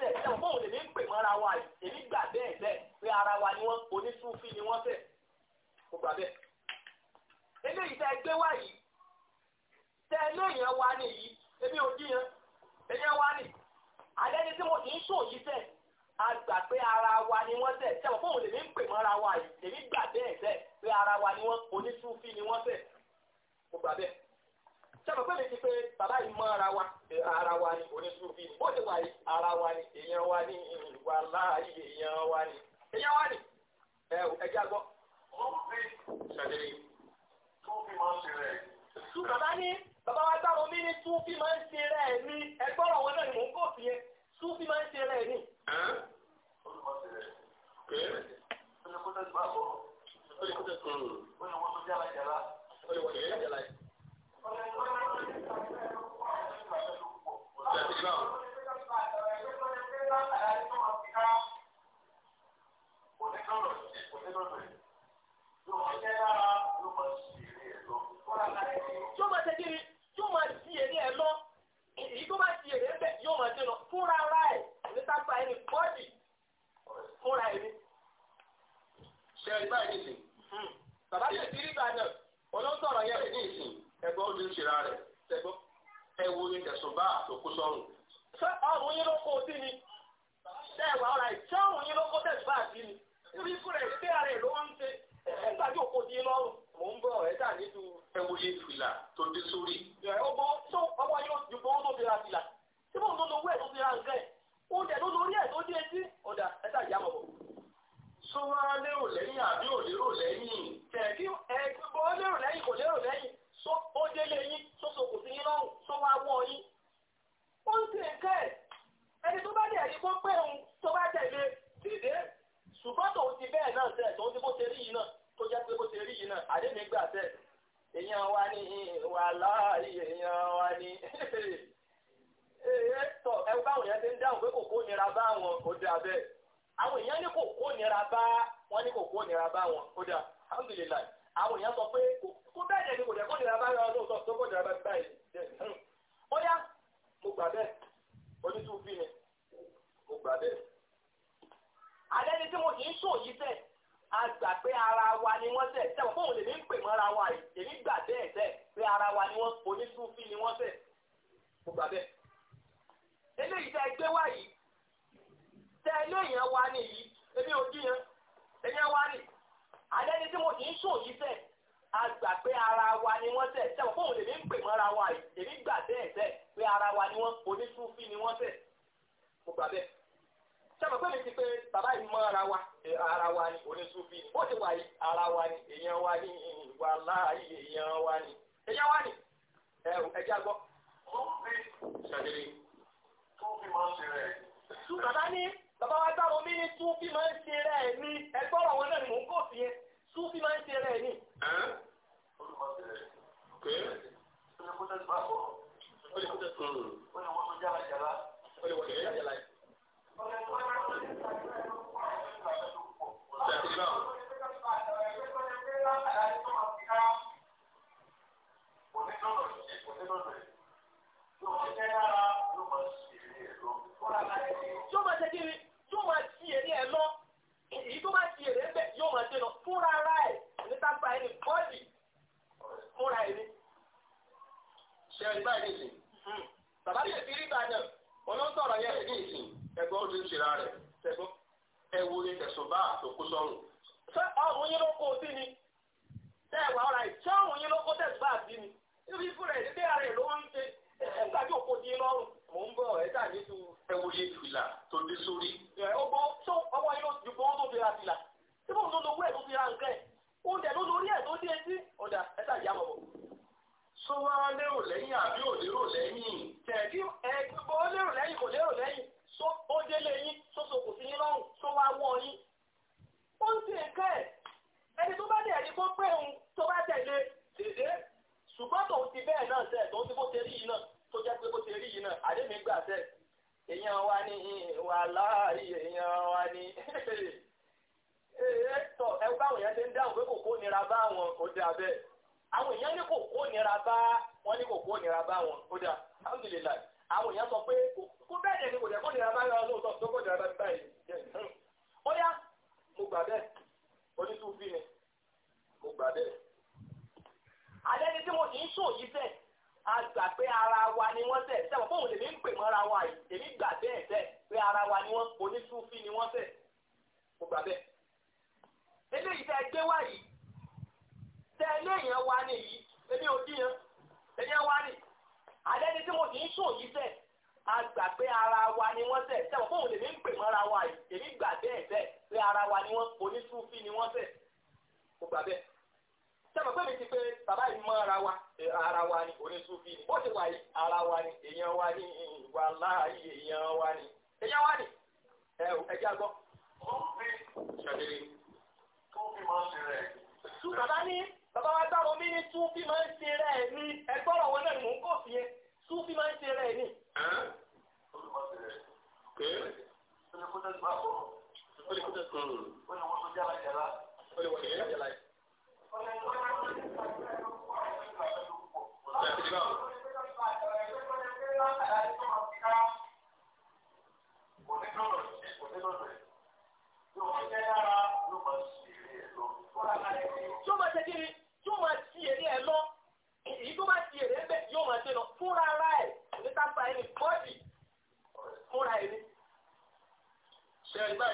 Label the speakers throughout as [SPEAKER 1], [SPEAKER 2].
[SPEAKER 1] tẹ̀ ẹ̀ mọ́ òun lèmi ń pè mọ́ra wa èmi gbà bẹ́ẹ̀ bẹ́ẹ̀ pé ara wa ni wọ́n onísúfì ni wọ́n tẹ̀ kó gbà bẹ́ẹ̀. eléyìí tẹ gbé wá yìí tẹ léèyàn wá ní yìí ebi ò díyan èèyàn wá ní àdẹ́ni tí mo ti ń sùn yìí tẹ̀ a gbà pé ara wa ni wọ́n tẹ̀ ẹ̀ mọ́ òun lèmi ń pè mọ́ra wa èmi gbà bẹ́ẹ̀ bẹ́ẹ̀ pé ara wa ni wọ́n onísúfì ni wọ́n tẹ̀ kó gbà bẹ́ẹ̀. sọ ara wa ni onísùnfì ni bó ti wà yìí ara wa ni èèyàn wa ni ìwà láàyè èèyàn wa ni èèyàn wa ni ẹ ẹja gbọ́. wọ́n fi ṣẹ̀lẹ̀ tó fi máa ń ṣe rẹ̀. bàbá ní bàbá wa gbàgbọ́ mi ní tún fi máa ń ṣe rẹ̀ ní ẹgbọ́rọ̀ wọn náà ni mò ń kó sí yẹn tún máa ń ṣe rẹ̀ ní. olùkọ́ṣẹ́
[SPEAKER 2] ti
[SPEAKER 3] bá a bọ̀. olùkọ́ṣẹ́ ti bá a bọ̀. olùkọ́ṣẹ́ ti bá a bọ̀.
[SPEAKER 1] yóò máa ṣe kiri yóò máa di èrè ẹ lọ èyí tó bá di èrè ẹ bẹ yóò máa ṣe lọ fúnra ara ẹ nípa gba ẹni bọ́ọ̀dì fúnra ẹni. ṣe ẹ báyìí nìsín bàbá yóò ti rí bàbá olóńtọ̀rọ̀ yẹn ní ìsìn ẹgbẹ́ ó ti ń ṣera rẹ̀ ẹgbọ́ ẹ wo ni tẹ̀sùn bá àtòkú sọ́run. ṣé ọrùn yín ló kó o sí ni? ṣé ẹ̀wà ọ̀rà ìṣẹ́ ọrùn yín ló kó tẹ̀sùn bá àti ni? níbi ikú rẹ̀ ṣé ara ẹ̀ ló wá ń ṣe ẹ̀ẹ́dà yóò kó di lọ́rùn. mò ń bọ̀ ẹ̀ dà nínú
[SPEAKER 3] ẹwòye fìlà tó dé sórí.
[SPEAKER 1] ọmọ tó ọmọ yóò ju gbowó tó fi ra fìlà tí mò ń lọ owó ẹ̀ tó fi ra nǹkan ẹ̀ ó dẹ̀ ló lórí ẹ̀ tó dé etí ọ̀dà ẹ̀dà ìyá mọ̀ sọ wá lérò lẹ́yìn àbí ò lérò lẹ́yìn tẹ̀ kí ẹ gbọ́ lérò lẹ́yìn kò lérò lẹ́yìn sọ ó délé yín sọ sọ kò sí yín lọ́rùn sọ wá wọ́ yín ó ń tẹ̀ kẹ́ ẹ̀ ẹni tó bá dẹ̀ ẹ̀rí kó pé òun tó bá tẹ̀lé dìde ṣùgbọ́n tòun ti bẹ́ẹ̀ náà tẹ̀ tòun ti bó ṣe rí yìí náà tó jẹ́ pé bó ṣe rí yìí náà àdéhùn ìgbà tẹ̀ èèyàn wa ní wà láàyè èèyàn wa ní ee tọ ẹ báwọn yẹn ti ń dáhùn pé kò kó nira bá wọn ó dà bẹ́ẹ̀ àwọn èèyàn ní kò kó nira bá wọn ní kò kó nira bá wọn ó dà alhamdulilayi àwọn èèyàn sọ pé àbí ò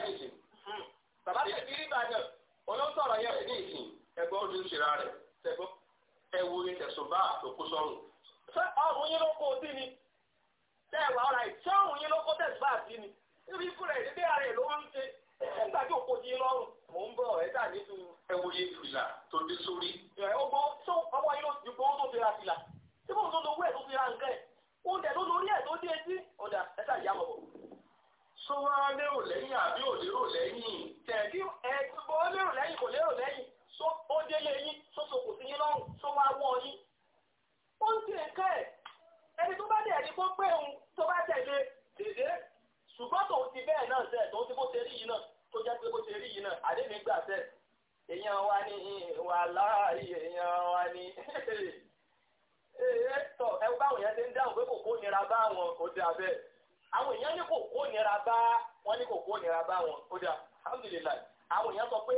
[SPEAKER 1] ní ìsìn bàbá tẹ̀ sí rí ìbàdàn olóńtọ̀rọ̀ yẹn ní ìsìn ẹgbẹ́ ojú ń ṣera rẹ̀ tẹ̀gbọ́ ẹ̀wù ni tẹ̀sùn bá òkú sọ́run. ṣé ọ̀hún yín ló kó o sí ni tẹ́ ẹ̀wà ọ̀rà yìí ṣé ọ̀hún yín ló kó tẹ̀sùn bá sí ni níbi ikú rẹ̀ dédé ara ẹ̀ ló ń ṣe nígbà tí òkú yín lọ́rùn mò ń bọ̀ ẹ̀ dà nínú ẹ̀wù yín fìlà tó dé sórí. ọgbọ́ tó ọwọ́ yín ló sọ wá lérò lẹ́yìn àbí ò lérò lẹ́yìn tẹ̀bí ẹ bó lérò lẹ́yìn kò lérò lẹ́yìn sọ ó délé yín sọ sòkò sí yín lọ́rùn sọ wá wọ́ yín. ó ń tẹ̀ kẹ́ ẹ̀ ẹni tó bá dẹ̀ ẹni kó pé òun tó bá tẹ̀lé dèdè ṣùgbọ́n tòun ti bẹ́ẹ̀ náà sẹ́ẹ̀ tòun ti bó ṣe rí yìí náà tó jẹ́ pé bó ṣe rí yìí náà àdéhùn gbà sẹ́ẹ̀ èèyàn wa ní wà láàyè èèyàn wa ní ẹ̀ẹ́dọ̀ ẹ báwọn yẹn ti ń dáhùn pé kò kó nira báwọn òde àbẹ́ẹ̀ àwọn èèyàn ní kò kó nira bá wọn ní kò kó nira bá wọn ó dà alhamdulilayi àwọn èèyàn sọ pé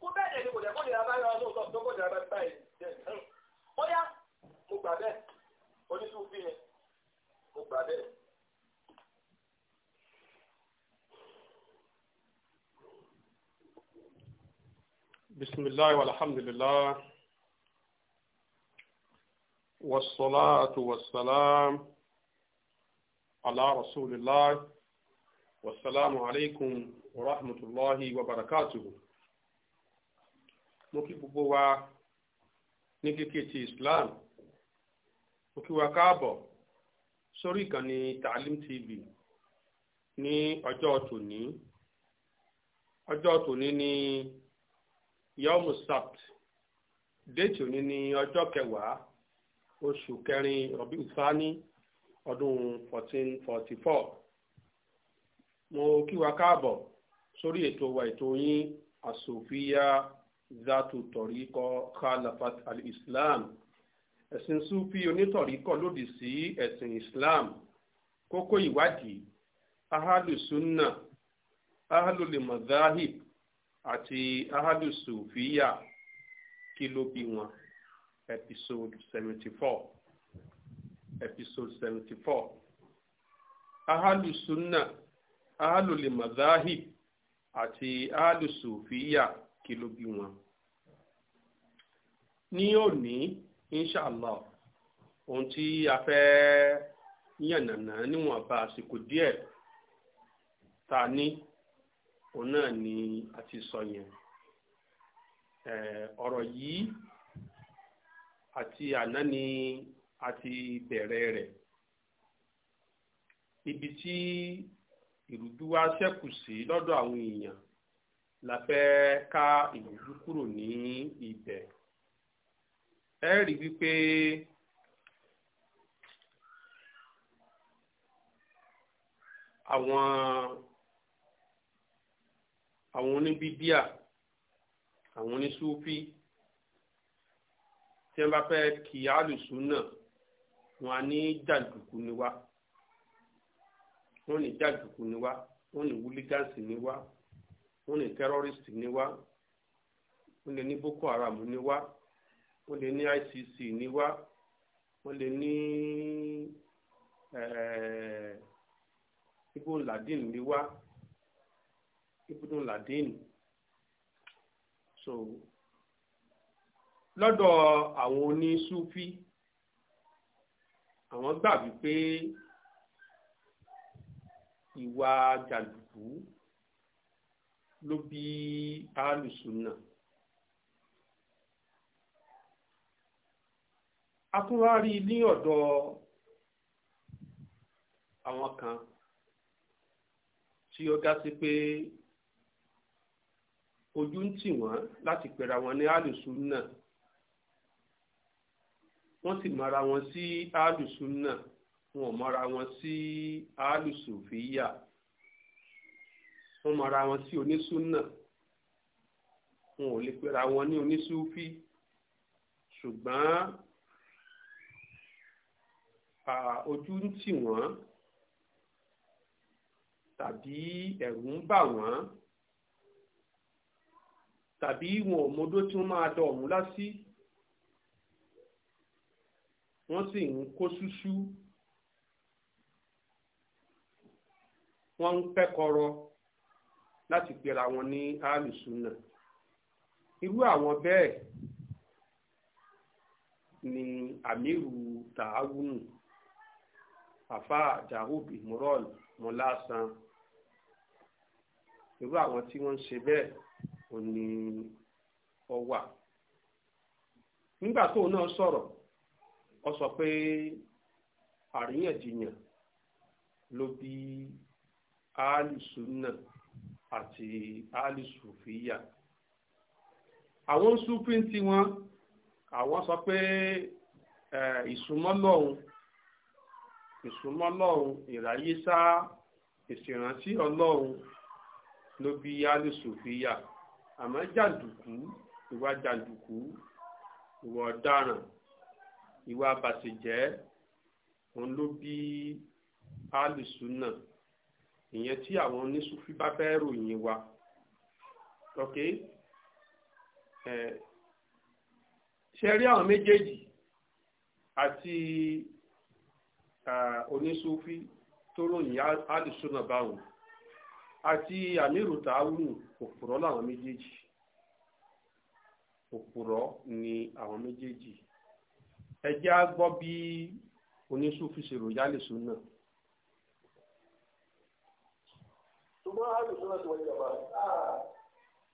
[SPEAKER 1] kó bẹ́ẹ̀ dẹ̀ ni kò dẹ̀ kó nira bá yàrá lóòótọ́ tó kó nira bá báyìí ó yá mo gbà bẹ́ẹ̀ oníṣùfì yẹn mo gbà bẹ́ẹ̀.
[SPEAKER 2] بسم الله والحمد لله والصلاة والسلام على رسول الله والسلام عليكم ورحمة الله وبركاته mo kí gbogbo wa ní kíkí ti Islam mo kí wa káàbọ̀ sórí ìkànnì Taalim TV ní ọjọ́ tòní ọjọ́ tòní ní yọmù sabt déètì òní ní ọjọ́ kẹwàá oṣù kẹrin rọ̀bí ìfání 2023 ọdún 1444 mo kí wa káàbọ̀ sórí ètò wa ètò yín asòfíà zatu tọ̀ríkọ khalafat al-islam ẹ̀sìn sufi onítọ̀ríkọ lòdì sí ẹ̀sìn islam kókó ìwádìí ahalu ahalulimadahib àti ahalusufiya kí ló bí wọn episode seventy four. episode 74 ahalu sunna ahalu limadahib àti ahalu sufiya kí ló bí wọn. ní òní inshallah ohun tí a fẹ́ yànnàná níwọ̀nba àsìkò díẹ̀ ta ní òun náà ni a ti sọ yẹn ọ̀rọ̀ yìí àti àná ni àti bẹ̀rẹ̀ rẹ̀ ibi tí ìrújú wa ṣẹ́kù sí lọ́dọ̀ àwọn èèyàn la fẹ́ ká ìrújú kúrò ní ibẹ̀ ẹ rí wípé àwọn àwọn oníbíbíà àwọn onísúfí tí wọ́n bá fẹ́ kí alùsùn náà wọn a ní jàǹdùkú ni wá wọn ní jàǹdùkú ni wá wọn ní wúlígánsì ni wá wọn ní tẹrọrìsì ni wá wọn lè ní boko haram ni wá wọn lè ní ICC ni wá wọn lè ní eh, ibo ladin ni wá ibo ladin so lọ́dọ̀ àwọn onísúfí. àwọn gbà wípé ìwà jàǹdùkú ló bí alùsùnà a tún wá rí ní ọ̀dọ̀ àwọn kan tí ó dá sí pé ojú ń tì wọ́n láti pera wọn ní alùsùnà wọ́n sì mara wọn sí alùsùnà wọn ò mara wọn sí alùsùfìyà wọ́n mara wọn sí onísùnà wọn ò lè pera wọn ní onísùfì ṣùgbọ́n ojú ń tì wọ́n tàbí ẹ̀rù ń bà wọ́n tàbí wọn ò mọdó tí wọ́n máa dọ̀ ọ̀hún lásì wọ́n sì ń kó ṣúṣú wọ́n ń pẹ́kọrọ láti pera wọn ní alùsùnà irú àwọn bẹ́ẹ̀ ni amiru tààwùnù afa jahub imurol mọlásán irú àwọn tí wọ́n ń ṣe bẹ́ẹ̀ ò ní ọwà nígbà tóun náà sọ̀rọ̀ ó sọ pé àríyànjiyàn ló bí alùsùnà àti alùsùfìyà àwọn sùfín tí wọn àwọn sọ pé ìsúnmọ́lọ́hún ìsúnmọ́lọ́hún ìráyésá ìsìrántí ọlọ́hún ló bí alùsùfìyà àmọ́ jàǹdùkú ìwà jàǹdùkú ìwà ọ̀daràn ìwà àbàṣèjẹ́ òun ló bí alùsùnà ìyẹn tí àwọn oníṣúfí bá fẹ́ ròyìn wa ok ṣe rí àwọn méjèèjì àti oníṣúfí tó ròyìn alùsùnà báwọn àti àmírù tààwùnù òpùrọ́ làwọn méjèèjì òpùrọ́ ni àwọn méjèèjì ẹ jẹ́ á bí oníṣúfì rò yálè sùn náà.
[SPEAKER 3] ṣùgbọ́n a lè sọ láti wọ́n yọ̀bá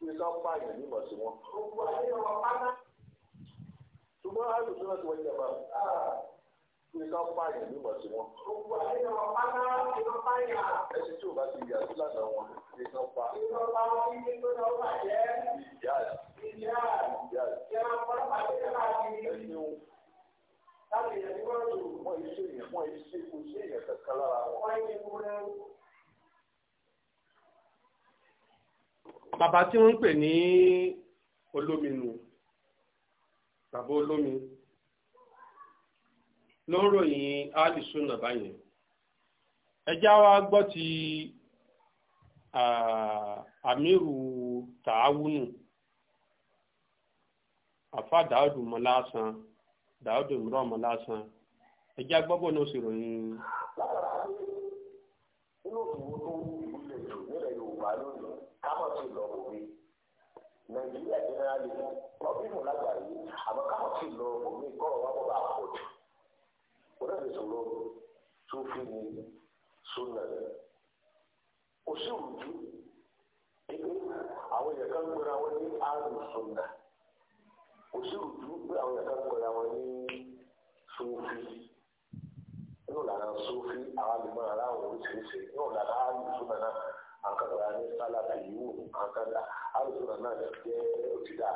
[SPEAKER 3] ní ká pààyàn nímọ̀ sí wọn. ṣùgbọ́n a lè sọ láti wọ́n yọ̀bá ní ká pààyàn nímọ̀ sí wọn. ẹsẹ̀ tí o bá ti yà sí lánàá wọn ní ká pa. ìyá ìyá ìyá ìyá ìyá ìyá táwọn èèyàn ní wọ́n lò. wọ́n yìí ṣe èèyàn wọ́n yìí ṣe kò ṣe èèyàn kankan lára wọn. wọ́n yìí mú rẹ̀.
[SPEAKER 2] bàbá tí wọ́n ń pè ní olómi nù bàbá olómi ló ń ròyìn alison nàbá yẹn ẹjá wa gbọ́ ti àmírù tààwùnù àfàdà ọdùnmọ́ lásán dàódò ń rọ̀ ọmọ lásán ẹjẹ́ agbọ́bọ̀ náà sì ròyìn.
[SPEAKER 3] inú ìwò tó wúlò jù nílẹ̀ yorùbá lónìí kámọ̀ sí lọ òwe nàìjíríà jẹ́nẹ́rálì ọ̀bí mú lágbàáyé àmọ́ kámọ̀ sí lọ òwe kọ́rọ̀ wá bọ́ bá pọ̀ jù ó dẹ̀ lè sọ̀rọ̀ tó fi ní sọ́nà kò sí òrùjú pé àwọn èèyàn kan gbéra wọn ní àrùn sọ̀nà kò sí òjú pé àwọn yàtọ̀ pẹ̀lú àwọn ní sófì nínú ìlànà sófì àwọn àlùmọ́ ara àwọn oríṣiríṣi nínú ìlànà àlùsùnà náà àkàrà ní sálàbì yìí wò àkàrà àlùsùnà náà jẹ́ òtítà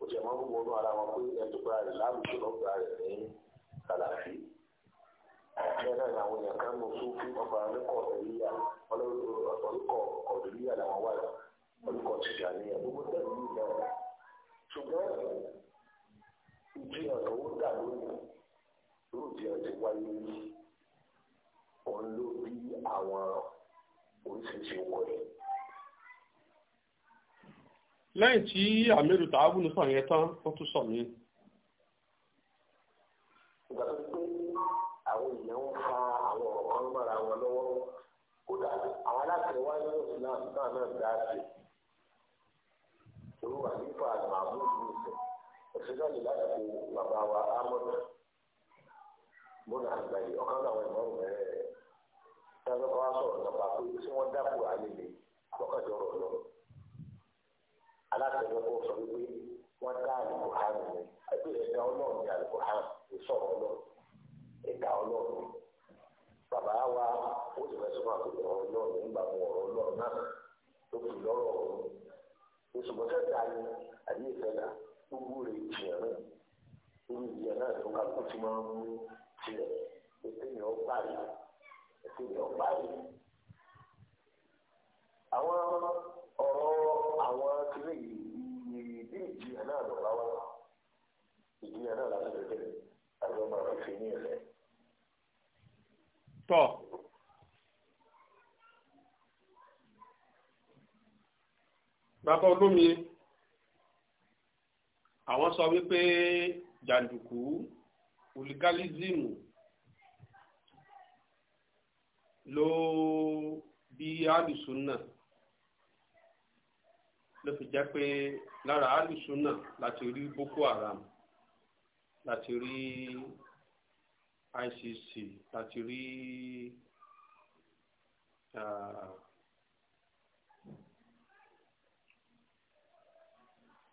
[SPEAKER 3] òtí ẹ̀mọ́ ń wọnú ara wọn pé ẹ̀tọ́ gba rẹ̀ lálùsùnà gba rẹ̀ ní sálàfì bẹ́ẹ̀ náà làwọn àwọn kọ̀ọ̀dùlíyà ọlọ́kọ̀ọ̀dùlíyà làwọn wà lọ́kọ̀ọ̀tìjà ní ẹ̀dógún tẹ̀lé ìlẹ̀ ìdí ọ̀rọ̀ ó dà lónìí lóòjì ọ̀dẹ̀ wáyé rí òun ló bí àwọn oríṣiríṣi wọ̀ ẹ̀.
[SPEAKER 2] lẹ́yìn tí àmẹ́rù tààbùnú sàn yẹn tán ó tún sọ mí.
[SPEAKER 3] ìgbà tó pé àwọn èèyàn ń fa àwọn ọ̀rọ̀ kan mọ́ra wọn lọ́wọ́ kódà àwọn aláṣẹ wáyé ìsìlámù náà náà dá sí. ìrù àlífà àgbà àbúrò ṣe jáde lásìkò baba wa amọ̀nà mọ́nà àgbáyé ọ̀kan láwọn ìmọ̀ràn mẹ́rẹ̀ rẹ̀ táwọn kọ́ wá nípa pé tí wọ́n dápò àlele àkọ́kọ́jọ́rọ̀ lọ. aláṣẹ lọ́kọ́ sọ wípé wọ́n dá àlùkò hàn ní ẹgbẹ́ ní àlùkò ní wa ó sì nígbà náà tó fi oṣù mọ́tẹ́ta ni náà gbogbo rẹ̀ jìyàn náà orí ìjìyàn náà tó ká kó tí máa ń mú tilẹ̀ ètò ìyàn ọgbà yìí ètò ìyàn ọgbà yìí. àwọn ọ̀rọ̀ àwọn tilẹ̀ yìí bí ìjìyàn náà lọ́ra wá ìjìyàn náà láti bẹ̀rẹ̀ àti ọmọ rẹ̀ ní ẹ̀fẹ́.
[SPEAKER 2] tọ́. bàbá olómi àwọn sọ wípé jàǹdùkú hooliganism ló bí alùsùnà ló fi jẹ́ pé lára alùsùnà láti rí boko haram láti rí ICC láti rí ah,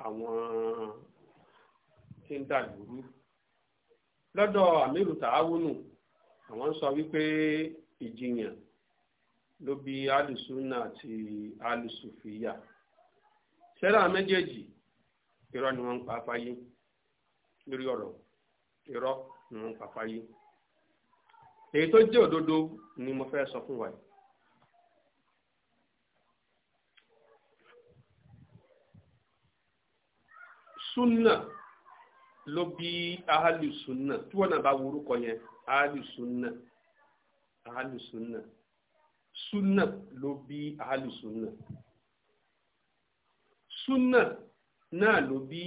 [SPEAKER 2] àwọn. Uh, tí ń lọdọ lọ́dọ̀ àmírù àwọn sọ wípé ìjìyàn ló bí alùsùnà àti alùsùfìyà sẹ́rà méjèèjì irọ́ ni wọ́n ń pa fáyé lórí ọ̀rọ̀ irọ́ ni wọ́n ń pa fáyé èyí tó jẹ́ òdodo ni mo fẹ́ sọ fún ló bí ahalùsùnà tí wọ́n náà bá worúkọ yẹn ahalùsùnà ahalùsùnà súnà ló bí ahalùsùnà súnà náà ló bí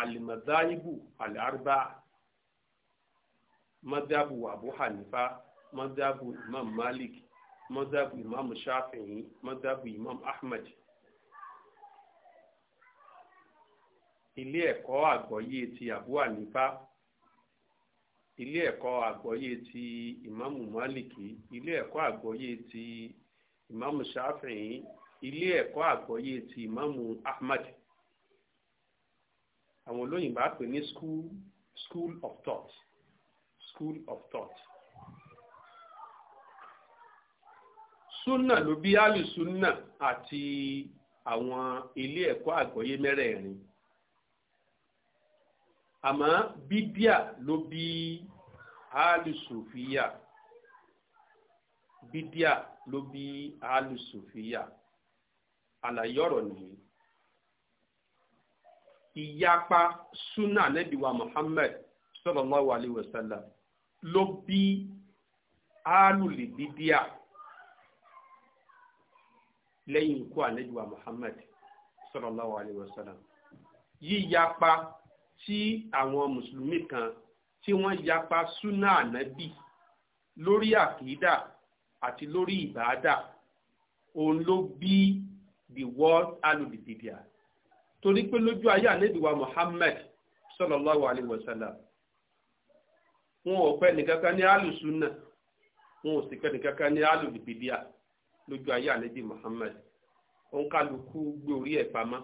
[SPEAKER 2] alimadaibu aliarba madabu abu hanifa madabu imam malik madabu imam shafi'i madabu imam ahmad ilé ẹ̀kọ́ àgbọ́yé ti Abu Hanifa ilé ẹ̀kọ́ àgbọ́yé ti Ìmáàmù Málìkì ilé ẹ̀kọ́ àgbọ́yé ti Ìmáàmù Ṣáfìí ilé ẹ̀kọ́ àgbọ́yé ti Ìmáàmù Ahmad àwọn olóyìnbá pè ní school school of thought school of thought súnà ló bí alùsúnà àti àwọn ilé ẹ̀kọ́ àgbọ́yé mẹ́rẹ̀ẹ̀rin amma bidia lobi bí alùsùfìyà bidia ló bí alùsùfìyà àlàyé ọ̀rọ̀ nìyí suna súnà nẹ́bíwá Muhammad sallallahu alayhi wa lobi ló bí alùlì bídíà lẹ́yìn ikú àlejò Muhammad sallallahu alayhi wa sallam yíyapa tí àwọn mùsùlùmí kan tí wọ́n yapa súnà ànábì lórí àkídà àti lórí ìbáàdà òun ló bí the world aludidibia torí pé lójú ayé ànábì wa Muhammad sallallahu alayhi wa sallam wọn ò pẹ́ nìkankan ní alùsùnà wọn ò sì pẹ́ nìkankan ní alùdidibia lójú ayé ànábì Muhammad òun kálukú gbé orí ẹ̀ pamọ́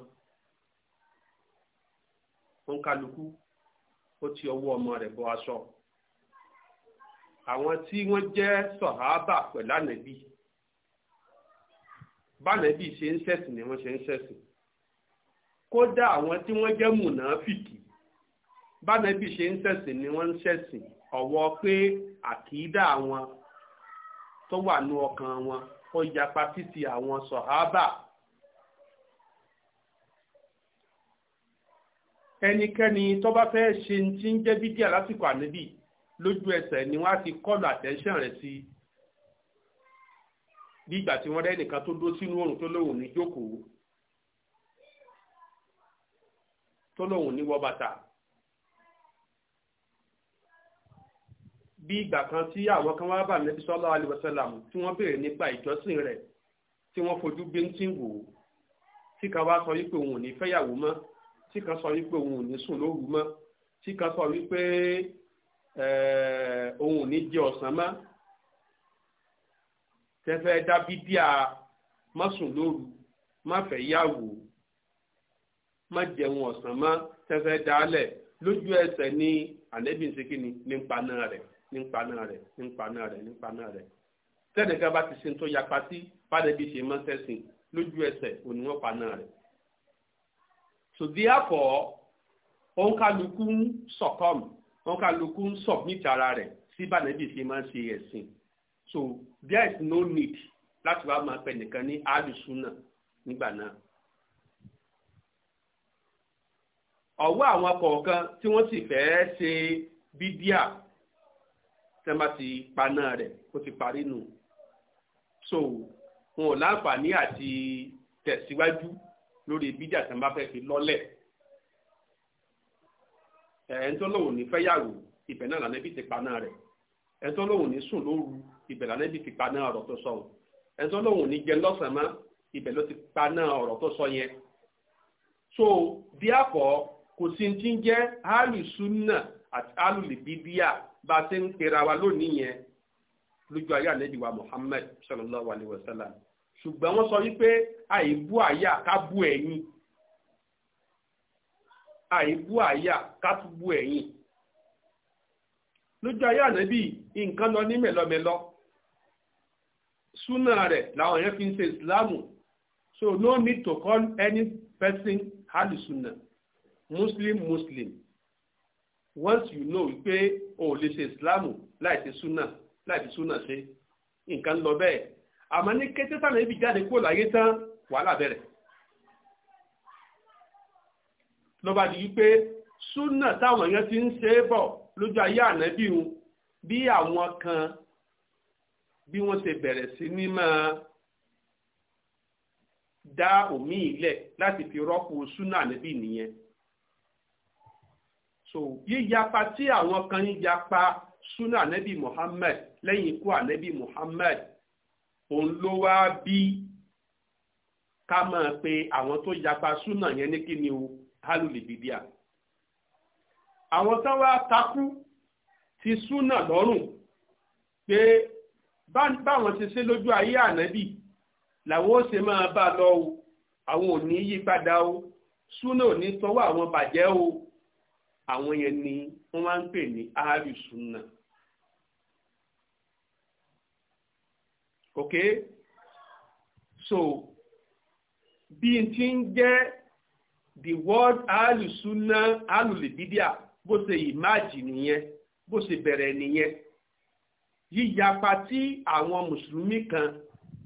[SPEAKER 2] ń kálukú ó ti ọwọ́ ọmọ rẹ̀ bọ aṣọ àwọn tí wọ́n jẹ́ sọ̀háábà pẹ̀lú ànẹ́bí bánẹ́bí ṣe ń ṣẹ̀sìn ni wọ́n ṣe ń ṣẹ̀sìn kódà àwọn tí wọ́n jẹ́ mùnàfìkì bánẹ́bí ṣe ń ṣẹ̀sìn ni wọ́n ń ṣẹ̀sìn ọ̀wọ́ pé àkídà wọn tó wà ní ọkàn wọn ó yapa títí àwọn sọ̀háábà ẹnikẹ́ni tó bá fẹ́ ṣe ti ń jẹ́ bídíà lásìkò ànábì lójú ẹsẹ̀ ni wọ́n á ti kọ́lù àtẹ́ńṣàn rẹ̀ sí bí ìgbà tí wọ́n rẹ́ nìkan tó dó sínú oòrùn tó lóun ní jókòó tó lóun ní wọ bàtà bí ìgbà kan tí àwọn kan wá bà nẹ́bí sọ́lá alìwọ̀sálàmù tí wọ́n béèrè nípa ìjọsìn rẹ̀ tí wọ́n fojú bí ń tí wò ó tí kan wá sọ wípé òun ò ní fẹ́yàwó mọ́ tí kan sọ wípé òun ò ní sùn lóru mọ́ tí kan sọ wípé òun ò ní jẹ ọ̀sán mọ́ tẹ́fẹ́ dá bídíà má sùn lóru má fẹ́ yàwó má jẹun ọ̀sán mọ́ tẹ́fẹ́ dálẹ̀ lójú ẹsẹ̀ ní ànẹ́bí nsekini ní npaná rẹ̀ ní npaná rẹ̀ ní npaná rẹ̀ ní npaná rẹ̀ tẹ́nìkan bá ti ṣe tó yapa sí bá dẹ́bi ṣe mọ́ sẹ́sìn lójú ẹsẹ̀ òní wọ́n paná rẹ̀ so therefore òǹkàlùkù ń sọ̀kọ́m òǹkàlùkù ń submit ara rẹ̀ sí bànẹ́bí ṣe máa ń ṣe ẹ̀sìn so there is no need láti wá máa pẹ nìkan ní alùsùnà nígbà náà. ọ̀wọ́ àwọn kọ̀ọ̀kan tí wọ́n sì fẹ́ ṣe bídíà tẹ́ bá ti paná rẹ̀ ó ti parí nù so wọn ò láǹfààní àti tẹ̀síwájú lórí bídíà tí wọ́n bá fẹ́ fi lọ́lẹ̀ ẹ̀ẹ́n tó lóun ní fẹ́yàwó ibẹ̀ náà lànà ibi ti pa náà rẹ̀ ẹ̀ẹ́n tó lóun ní sùn lóru ibẹ̀ lànà ibi ti pa náà ọ̀rọ̀ tó sọ ọ́ ẹ̀ẹ́n tó ní jẹ lọ́sàn-án ibẹ̀ ló ti pa náà ọ̀rọ̀ tó sọ yẹn so therefore kò sí ti ń jẹ́ alùsùnà àti alùlìbídíà bá a ti ń pera wa lónìí yẹn lójú ayé àlejò wa Muhammad sallallahu alayhi wa sallam ṣùgbọ́n wọ́n sọ wípé àìbú àyà ká bú ẹ̀yìn àìbú àyà ká tún bú ẹ̀yìn lójú ayé ànábì nǹkan lọ ní mẹ̀lọmẹ̀lọ súnà rẹ̀ làwọn èèyàn fi ń ṣe ìsìláàmù so no need to call any person halisuna muslim muslim once you know wípé o ò lè ṣe ìsìláàmù láì ṣe súnà láì fi súnà ṣe nǹkan lọ bẹ́ẹ̀ àmọ́ ní kété tánà ibi jáde kó láyé tán wàhálà bẹ̀rẹ̀ lọ́ba di wípé súnà táwọn èèyàn ti ń ṣe é bọ̀ lójú ayé ànábì wọn bí àwọn kan bí wọ́n ṣe bẹ̀rẹ̀ sí ní máa dá òmí ilẹ̀ láti fi rọ́pò súnà ànábì nìyẹn so yíyapa tí àwọn kan yíyapa súnà ànábì Muhammad lẹ́yìn ikú ànábì Muhammad òun ló wá bí ká máa pe àwọn tó yapa súnà yẹn ní kí ni o hálùlìbìdíà àwọn tó wá takú ti súnà lọ́rùn pé báwọn ti ṣe lójú ayé ànábì làwọn ó ṣe máa bá lọ o àwọn ò ní yí padà o súnà ò ní sọwọ́ àwọn bàjẹ́ o àwọn yẹn ni wọ́n máa ń pè ní áàlù súnà. okay so bí n ti ń jẹ́ the word alùsùnà alùlẹ̀bídíà bó ṣe ìmáàjì nìyẹn bó ṣe bẹ̀rẹ̀ nìyẹn yíyapa tí àwọn mùsùlùmí kan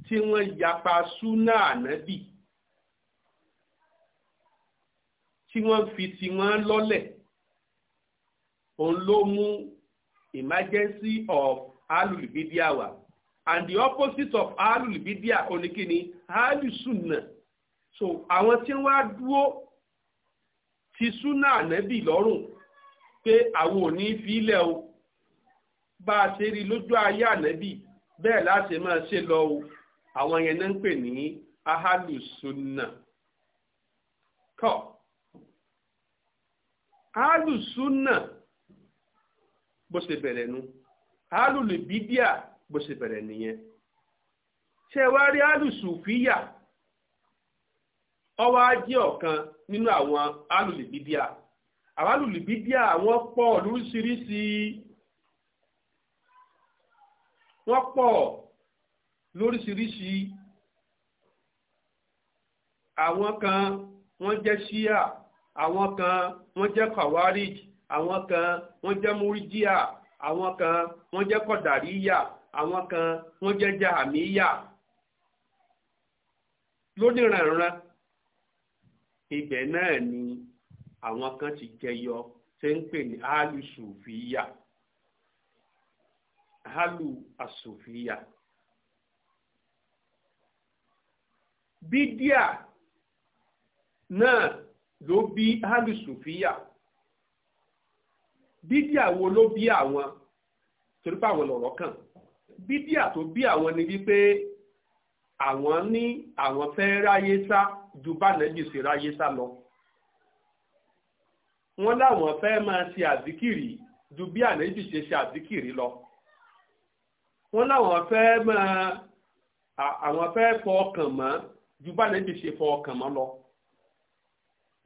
[SPEAKER 2] tí wọ́n yapa súnà ànábì tí wọ́n fi tiwọn lọ́lẹ̀ òun ló mú emergency of alùlẹ̀bídíà wà and the opposite of alul bidia oníkíni alul sunna so àwọn tí wọ́n á dúró ti sunna ànẹ́bì lọ́rùn pé àwọn ò ní fi ilẹ̀ o bá a ṣe rí lójú ayé ànẹ́bì bẹ́ẹ̀ láti máa ṣe lọ o àwọn yẹn náà ń pè ní alul sunna kọ́ alul sunna bó ṣe bẹ̀rẹ̀ nu alul bidia. bó ṣe bẹ̀rẹ̀ nìyẹn ṣé wá rí alùsùfíyà ọwọ́ ajé ọ̀kan nínú àwọn alùlìbídíà àwọn alùlìbídíà wọ́n pọ̀ lóríṣiríṣi wọ́n pọ̀ lóríṣiríṣi àwọn kan wọ́n jẹ́ ṣíà àwọn kan wọ́n jẹ́ kàwárìj àwọn kan wọ́n jẹ́ múrídíà àwọn kan wọ́n jẹ́ kọ̀dàríyà àwọn kan wọ́n jẹ́ jahamiya lóníranran ibe náà ni àwọn kan ti jẹyọ ṣe ń pè ní alu sufiya alu asufiya bídíà náà ló bí alu bídíà wo ló bí àwọn torí pé kàn. bídíà tó bí àwọn ni wípé àwọn ní àwọn fẹ́ ráyé sá ju bánẹ́bí ṣe ráyé sá lọ wọ́n láwọn fẹ́ máa ṣe àzíkìrì ju bí ànẹ́bí ṣe ṣe àzíkìrì lọ wọ́n láwọn fẹ́ máa àwọn fẹ́ fọ ọkàn mọ́ ju bánẹ́bí ṣe fọ ọkàn mọ́ lọ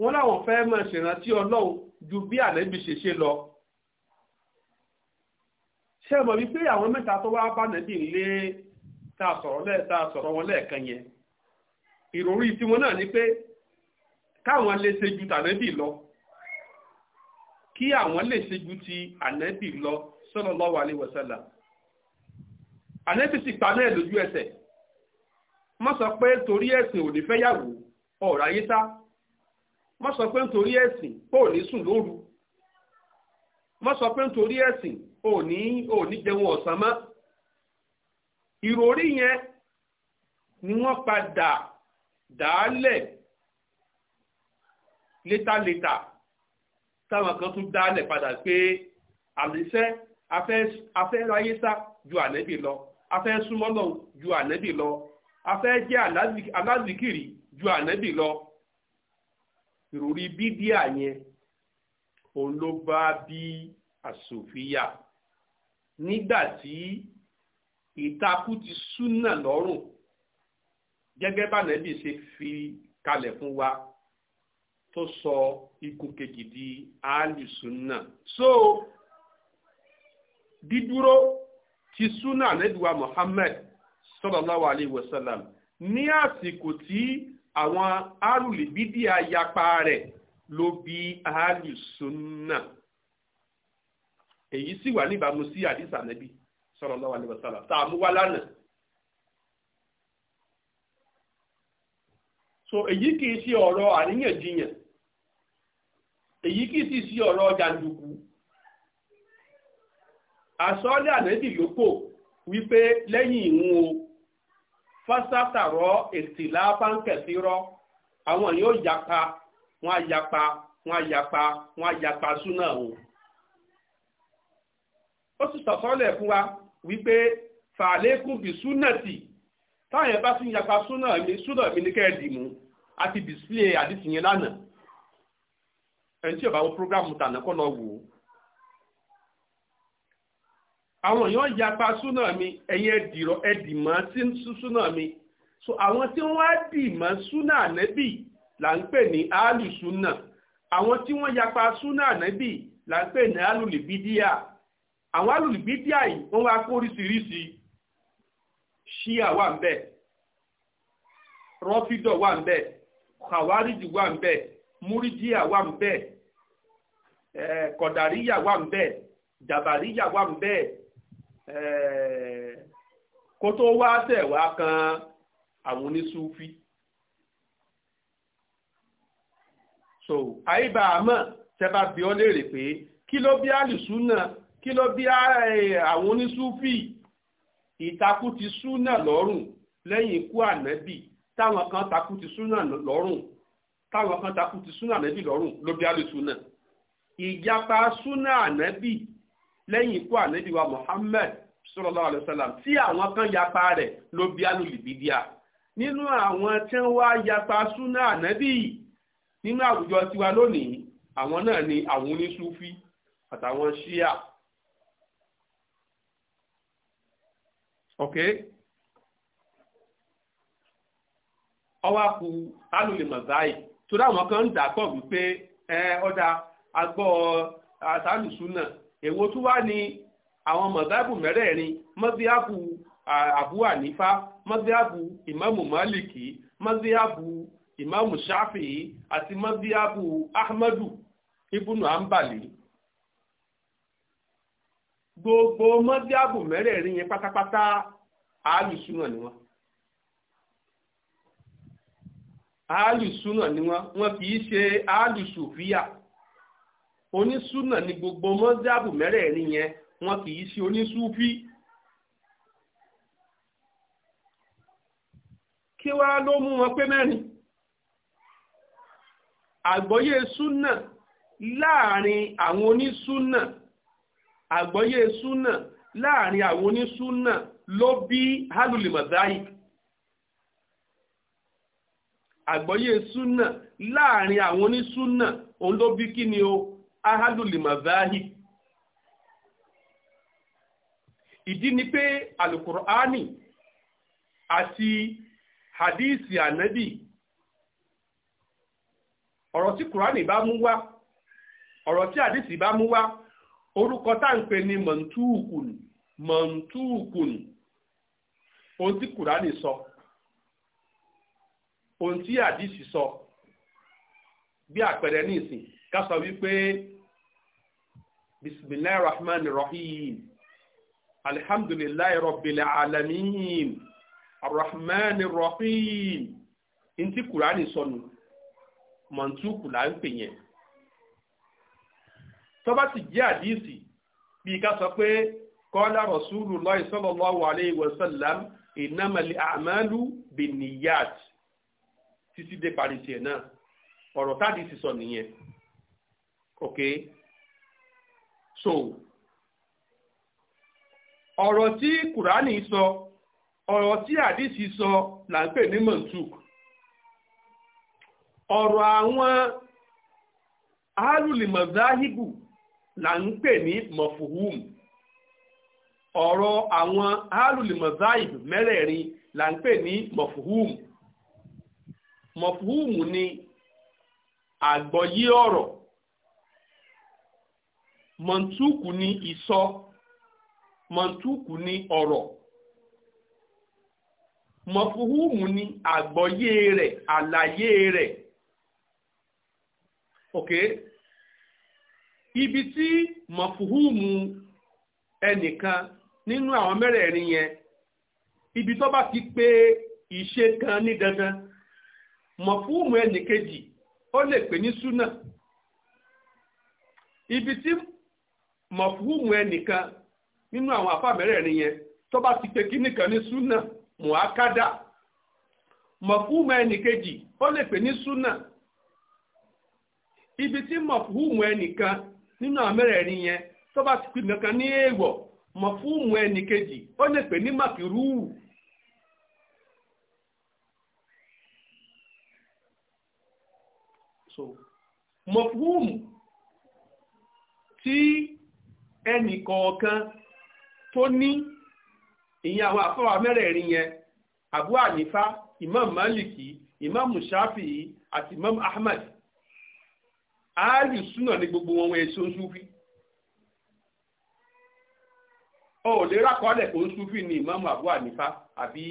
[SPEAKER 2] wọ́n láwọn fẹ́ máa ṣèrántí ọlọ́run ju bí ànẹ́bí ṣe ṣe lọ ṣe mọ̀ wípé àwọn mẹ́ta tó wá bá nàbí lé tá a sọ̀rọ̀ wọn lẹ́ẹ̀kan yẹn ìròrí tiwọn náà ni pé káwọn lè ṣe ju tànẹ́bì lọ kí àwọn lè ṣe ju ti ànẹ́bì lọ sallallahu alaihi wasallam ànẹ́bì sì pa náà lójú ẹsẹ̀ má sọ pé torí ẹ̀sìn ò ní fẹ́yàwó ọ̀rọ̀ ayé sá má sọ pé nítorí ẹ̀sìn pé sùn lóru má sọ pé nítorí ẹ̀sìn òní òní jẹun ọ̀sán mọ́ ìròrí yẹn ni wọ́n padà dàálẹ̀ létàlétà táwọn kan tún dálẹ̀ padà pé àlẹ́sẹ́ afẹ́ ráyé sá ju ànẹ́bì lọ afẹ́ súnmọ́ lọ ju ànẹ́bì lọ afẹ́ jẹ́ alázìkìrì ju ànẹ́bì lọ ìròrí bídíà yẹn òun ló bá bí àsòfíà nígbà tí ìtakú ti súnà lọ́rùn gẹ́gẹ́ bá nẹ́bí ṣe fi kalẹ̀ fún wa tó sọ ikú kejì di alùsùnà so dídúró ti súnà nẹ́bíwá Muhammad sallallahu alayhi wa sallam ní àsìkò tí àwọn arùlébídìí ayapa rẹ̀ ló bí alùsùnà èyí sì wà níbàámu sí àdìsá nẹ́bí sallallahu alaihi wasallam tá a mú wá lánàá. so èyí kì í ṣe ọ̀rọ̀ àríyànjiyàn èyí kì í sì ṣe ọ̀rọ̀ jàǹdùkú àsọ́ọ́lẹ̀ ànẹ́bì lóko wípé lẹ́yìn ìhun o fásátàrọ̀ ètìlá báńkẹ̀sírọ́ àwọn yóò yapa wọ́n á yapa wọ́n á yapa wọ́n yapa súnà o ó sì sọ̀sọ́lẹ̀ fún wa wípé fàlékún bí súnàtì táwọn yẹn bá sì ń yapa súnà mi súnà mi ní kẹ́ẹ̀dì mú àti display àdìsí yẹn lánàá ẹni tí ò bá wo programu tànà kọ́ lọ wò ó àwọn èèyàn yapa súnà mi ẹ̀yìn ẹ̀dìrọ̀ ẹ̀dìmọ́ sí súnà mi so àwọn tí wọ́n á dìmọ́ súnà ànẹ́bì là ń pè ní áàlù súnà àwọn tí wọ́n yapa súnà ànẹ́bì là ń pè ní áàlù lìbídíà àwọn alùbídíà yìí wọ́n wá kó oríṣiríṣi ṣíà wà ń bẹ̀ rọ́fídọ̀ wà ń bẹ̀ kàwárìjì wà ń bẹ̀ múrídíà wà ń bẹ̀ kọ̀dàríyà wà ń bẹ̀ jàbàríyà wà ń bẹ̀ kó tó wá tẹ̀ wá kan àwọn oníṣúfí. so àyíbá àmọ́ tẹ́ bá bi ọ́ léèrè pé kí ló bí àlùsùn náà kí ló bí eh, àwọn onísúfì ìtakú ti súnà lọ́rùn lẹ́yìn ikú ànẹ́bì táwọn kan takú ti súnà lọ́rùn táwọn kan takú ti súnà ànẹ́bì lọ́rùn ló bí alẹ́ súnà ìjàpá súnà ànẹ́bì lẹ́yìn ikú ànẹ́bì wa Muhammad sallallahu alaihi wasallam tí àwọn kan yapa rẹ̀ ló bí alẹ́ olùbídíà nínú àwọn tí wọ́n wá yapa súnà ànẹ́bì nínú àwùjọ tiwa lónìí àwọn náà ni àwọn onísúfì àtàwọn ṣíà ok ọwọ́ àpò alùlẹ̀ mọ̀záì tó dáwọn kan ń dà pọ̀ wípé ọjà agbọ́ àtàlùsúnà èwo tó wá ní àwọn mọ̀záìbù mẹ́rẹ̀ẹ̀rin mọ́síábù àbú ànífá mọ́síábù ìmáàmù málìkì mọ́síábù ìmáàmù ṣáfìí àti mọ́síábù ahmadu ibùnú àǹbàlì gbogbo mọ́díàbù mẹ́rẹ̀ẹ̀rin yẹn pátápátá àálùsúnà ni wọ́n àálùsúnà ni wọ́n wọ́n kì í ṣe àálùsùfíà onísúnà ni gbogbo mọ́díàbù mẹ́rẹ̀ẹ̀rin yẹn wọ́n kì í ṣe onísúfí. kí wá ló mú wọn pé mẹ́rin àgbọ́yé súnà láàrin àwọn onísúnà àgbọ́yé súnà láàrin àwọn onísúnà ló bí hálùlì mọ̀dáìk àgbọ́yé súnà láàrin àwọn onísúnà òun ló bí kí ni o ahálùlì ìdí ni pé alukur'ani àti hadisi ànábì ọ̀rọ̀ tí kùránì bá mú wá ọ̀rọ̀ tí hadisi bá mú wá orúkọ tá à ń pè ní mọ̀ntúùkùn mọ̀ntúùkùn ohun tí kùránì sọ ohun tí àdìsí sọ bí àpẹẹrẹ ní ìsìn ká sọ wípé bisimilahi rahman rahim alhamdulilayi rabbil alamin arrahman rahim ntí kùránì sọnù mọ̀ntúùkùn là ń pè yẹn tó bá sì jẹ́ àdíìsì bí ká sọ pé kọ́lá Rasulullah sallallahu alayhi wa sallam innamal a'malu binniyat títí dé parí tiẹ̀ náà ọ̀rọ̀ táàdì sísọ nìyẹn ok so ọ̀rọ̀ tí kùránì sọ ọ̀rọ̀ tí àdìsí sọ là ń pè ní mọ̀túk ọ̀rọ̀ àwọn alùlìmọ̀dáhìbù là ń pè ní mọ̀fùhùm ọ̀rọ̀ àwọn alùlùmọ̀záìb mẹ́rẹ̀ẹ̀rin là ń pè ní mọ̀fùhùm mọ̀fùhùm ni àgbọ́yé ọ̀rọ̀ mọ̀ntúkù ni ìsọ mọ̀ntúkù ni ọ̀rọ̀ mọ̀fùhùmù ni àgbọ́yé rẹ̀ àlàyé rẹ̀ okay ibi tí mọ̀fúhùmù ẹnìkan nínú àwọn mẹ́rẹ̀ẹ̀rin yẹn ibi tó bá ti pé ìṣe kan ní dandan mọ̀fúhùmù ẹnìkejì ó lè pè ní súnà ibi tí mọ̀fúhùmù ẹnìkan nínú àwọn afá mẹ́rẹ̀ẹ̀rin yẹn tó bá ti pé kíníkan ní súnà mùákádà mọ̀fúhùmù ẹnìkejì ó lè pè ní súnà ibi tí mọ̀fúhùmù ẹnìkan nínú àmẹ́rẹ̀ẹ̀rin yẹn tó bá ti pè kankan ní èèwọ̀ mọ̀ fúùmù ẹnì kejì ó lè pè ní màkìrú. so mọ̀ fúùmù tí ẹnì kọ̀ọ̀kan tó ní ìyẹn àwọn àfọwà mẹ́rẹ̀ẹ̀rin yẹn Abu Hanifa Imam Maliki Imam Shafi'i àti Imam Ahmad áàlù súnà ní gbogbo wọn wọn èso ń súfí lè rákọọ́lẹ̀ kó ní ìmáàmù Abu Hanifa àbí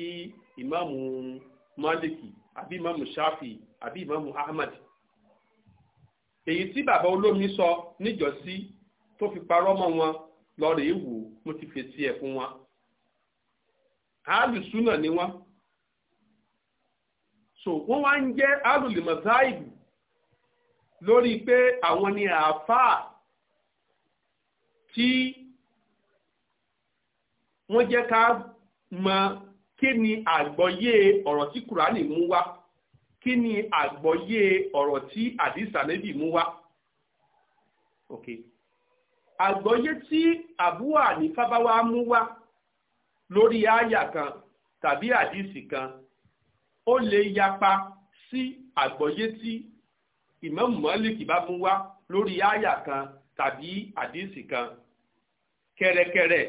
[SPEAKER 2] ìmáàmù Maliki àbí ìmáàmù Shafi àbí ìmáàmù Ahmad èyí tí bàbá olómi sọ níjọ́sí tó fi parọ́ mọ́ wọn mo ti fèsì ẹ̀ fún wọn ni wọn so wọn wá ń jẹ áàlù záìbù lórí pé àwọn ni àáfàá tí wọ́n jẹ́ ká mọ kí ni àgbọ́yé ọ̀rọ̀ tí kùránì mú wá kí ni àgbọ́yé ọ̀rọ̀ tí àdìsànẹ́bì mú wá. Okay àgbọ́yé tí àbúrò ànífà bá wá mú wá lórí àyà kan tàbí àdìsí kan ó lè yapa sí àgbọ́yé tí ìmáàmù mọ́lìkì bá mú wá lórí àyà kan tàbí àdíìsì kan kẹ́rẹ́kẹ́rẹ́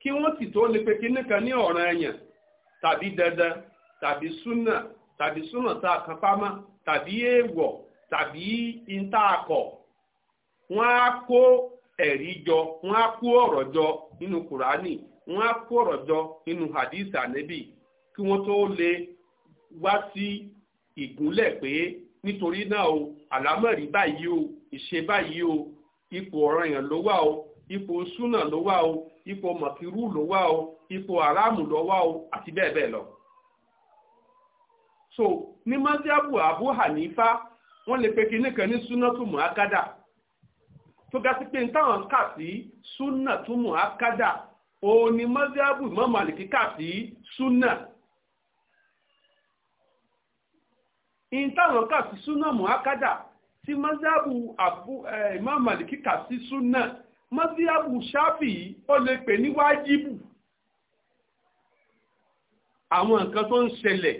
[SPEAKER 2] kí wọ́n sì tó lè pe kíní kan ní ọ̀ràn ẹ̀yàn tàbí dandan tàbí súnà tàbí súnà tá a kan pamọ́ tàbí èèwọ̀ tàbí intaakọ̀ wọ́n á kó ẹ̀rí jọ wọ́n á kó ọ̀rọ̀ jọ nínú kùránì wọ́n á kó ọ̀rọ̀ jọ nínú hadith ànẹ́bì kí wọ́n tó lè wá sí ìgúnlẹ̀ pé nítorí náà o àlámọ̀rí báyìí o ìṣe báyìí o ipò ọ̀ranyàn ló wà o ipò súnà ló wà o ipò mọ̀kírù ló wà o ipò aráàmù ló wà o àti bẹ́ẹ̀ bẹ́ẹ̀ lọ. so ní mọ́síábù Abu Hanifa wọ́n lè pe kinní kan ní súnà tó mọ̀ ákádà tó ga sí pé ní táwọn kà sí súnà tó òun ni mọ́síábù Imam Málíkì sí súnà intanu ka si suna mu ti da si mazabu abu eh, imam maliki ka si suna mazabu shafi o le pe ni wajibu awon nkan to n sele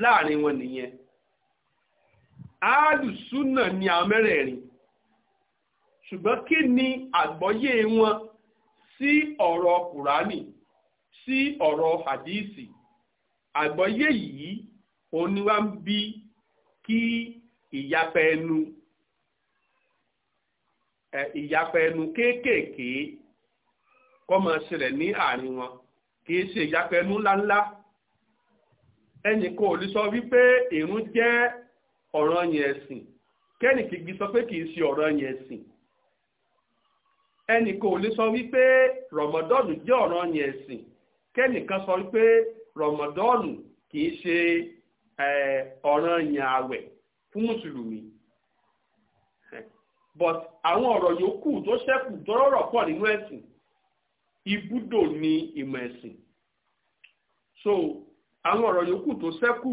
[SPEAKER 2] laarin won niyen aalu suna ni amerin ṣùgbọ́n kí ni àgbọ́yé wọn si ọ̀rọ̀ kùránì si ọ̀rọ̀ hadisi àgbọ́yé yìí òun ni wá ń kí ìyapa ẹnu ìyapa ẹnu kéékèèké kó máa ṣẹlẹ̀ ní àárín wọn kì í ṣe ìyapa ẹnu ńláńlá ẹnì kan ò lè sọ wípé ìrun jẹ́ ọ̀ranyàn ẹ̀sìn kẹ́nì kìgbì sọ pé kì í ṣe ọ̀ranyàn ẹ̀sìn ẹnì kan ò lè sọ wípé rọ̀mọ̀dọ́ọ̀nù jẹ́ ọ̀ranyàn ẹ̀sìn kẹ́nìkan sọ wípé rọ̀mọ̀dọ́ọ̀nù kì ṣe ọ̀ràn yàn àwẹ̀ fún mùsùlùmí but àwọn ọ̀rọ̀ yòókù tó ṣẹ́kù tọ́rọ̀rọ̀ pọ̀ nínú ẹ̀sìn ibùdó ni ìmọ̀ ẹ̀sìn so àwọn ọ̀rọ̀ yòókù tó ṣẹ́kù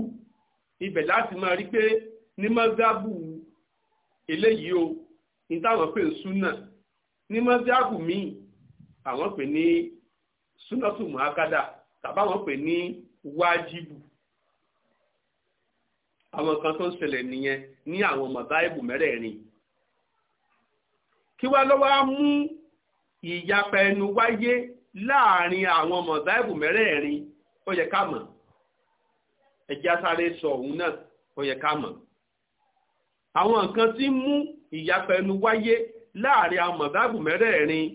[SPEAKER 2] ibẹ̀ láti máa rí pé ní mọ́gábù eléyìí o ní táwọn pè ń súnà ní mọ́gábù míì àwọn pè ní súnàtù mọ́ákádà wọn pè ní wájibù àwọn kan tó ń ṣẹlẹ̀ nìyẹn ní àwọn mọ̀dáìbù mẹ́rẹ̀ẹ̀rin kí wá ló wá mú ìyapa ẹnu wáyé láàrin àwọn mọ̀dáìbù mẹ́rẹ̀ẹ̀rin ó yẹ ká mọ̀ ẹ̀já sáré sọ òun náà ó yẹ ká mọ̀ àwọn nǹkan tí mú ìyapa ẹnu wáyé láàrin àwọn mọ̀dáìbù mẹ́rẹ̀ẹ̀rin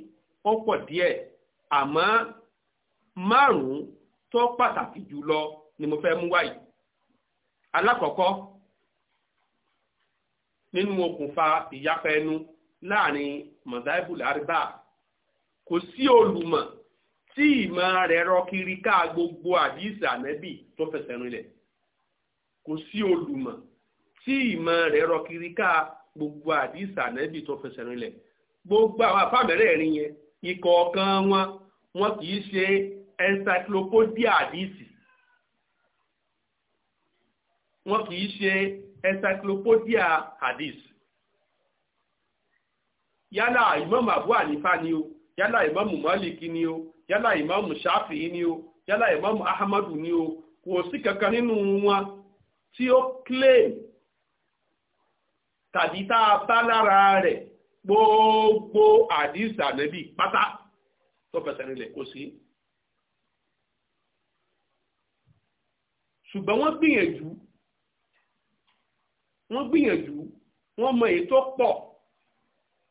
[SPEAKER 2] ó pọ̀ díẹ̀ àmọ́ márùn-ún tó pàtàkì jùlọ ni mo fẹ́ mú wáyìí alákọ̀ọ́kọ́ nínú okùnfà ìyapa ẹnu láàrin mọ̀dáìbù lárìbá kò sí olùmọ̀ tí ìmọ̀ rẹ̀ rọ kiri ká gbogbo àdìsí ànẹ́bì tó fẹsẹ̀ rinlẹ̀ kò sí olùmọ̀ tí ìmọ̀ rẹ̀ rọ kiri ká gbogbo àdìsí ànẹ́bì tó fẹsẹ̀ rinlẹ̀ gbogbo àwọn àfàmẹ́rẹ̀ẹ̀rin yẹn ìkọ̀ọ̀kan wọn wọn kì í ṣe encyclopedia àdìsí wọn kì í ṣe encyclopedia hadith yálà imam Abu Hanifa ni o yálà ìmáàmù Málíkì ni o yálà imam Ṣáfi'í ni o yálà ìmáàmù Ahmadu ni o kò sí kankan nínú wọn tí ó claim tàbí tá a bá lára rẹ̀ gbogbo hadith ànábì pátá tó fẹsẹ̀ nílẹ̀ kò sí. ṣùgbọ́n wọ́n gbìyànjú wọ́n gbìyànjú wọ́n mọ èyí tó pọ̀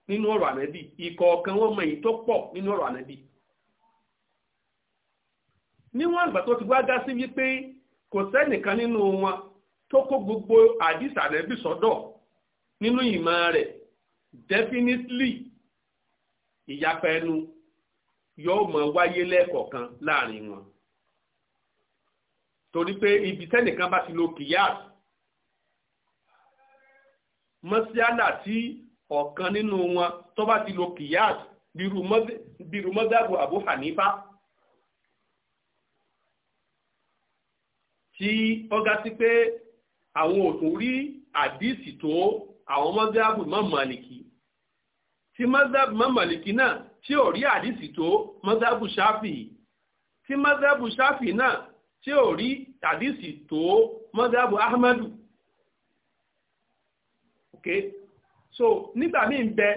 [SPEAKER 2] nínú ọ̀rọ̀ ànábì ìkọ̀ọ̀kan wọ́n mọ èyí tó pọ̀ nínú ọ̀rọ̀ ànábì. níwọ̀n ìgbà tó ti wá dá sí wípé kò sẹ́nìkan nínú wọn tó kó gbogbo àdìs ànábì sọ́dọ̀ nínú ìmọ̀ rẹ̀ definitely ìyapa ẹnu yóò mọ wáyé lẹ́ẹ̀kọ̀ọ̀kan láàrin wọn. torí pé ibi sẹ́nìkan bá ti lo kìyàsì mọ́síálà tí ọ̀kan nínú wọn tó bá ti lo kìyàt bírú mọ́dàbù àbú hànífà tí ó ga sí pé àwọn òtún rí àdísì tó àwọn mọ́dàbù mọ́ màlìkì tí mọ́dàbù mọ́ màlìkì náà tí ò rí àdísì tó mọ́dàbù ṣáfì tí mọ́dàbù ṣáfì náà tí ò rí àdísì tó mọ́dàbù ahmadu ok so nígbà míì ń bẹ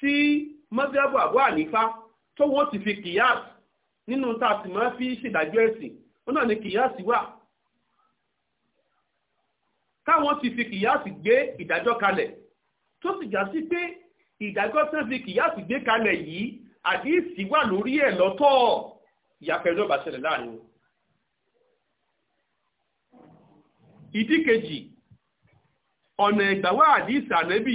[SPEAKER 2] tí mọ́sílábù àbúrò ànífá tó wọ́n ti fi kìyàs nínú tá a sì máa fi ṣèdájọ́ ẹ̀sìn ó náà ní kìyàs wà táwọn ti fi kìyàs gbé ìdájọ́ kalẹ̀ tó sì já sí pé ìdájọ́ tó fi kìyàs gbé kalẹ̀ yìí àdíìsì wà lórí ẹ̀ lọ́tọ̀ ìyàpẹ̀lú ọ̀bà láàrin ìdí kejì ọ̀nà ìgbàwá àdìsí ànábì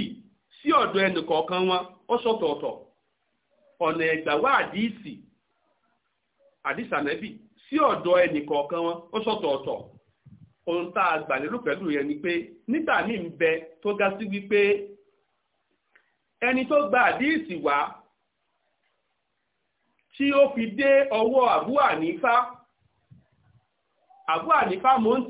[SPEAKER 2] sí ọ̀dọ̀ ẹnìkọ̀ọ̀kan wọn ó sọ̀tọ̀ọ̀tọ̀ ọ̀nà ìgbàwá àdìsí àdìsí ànábì sí ọ̀dọ̀ wọn ó sọ̀tọ̀ọ̀tọ̀ ohun tá a gbà lérò pẹ̀lú ni pé nígbà míì ń bẹ ga sí wípé ẹni tó gba àdìsí wá tí ó fi dé ọwọ́ àbúhà nífà àbúhà nífà mò ń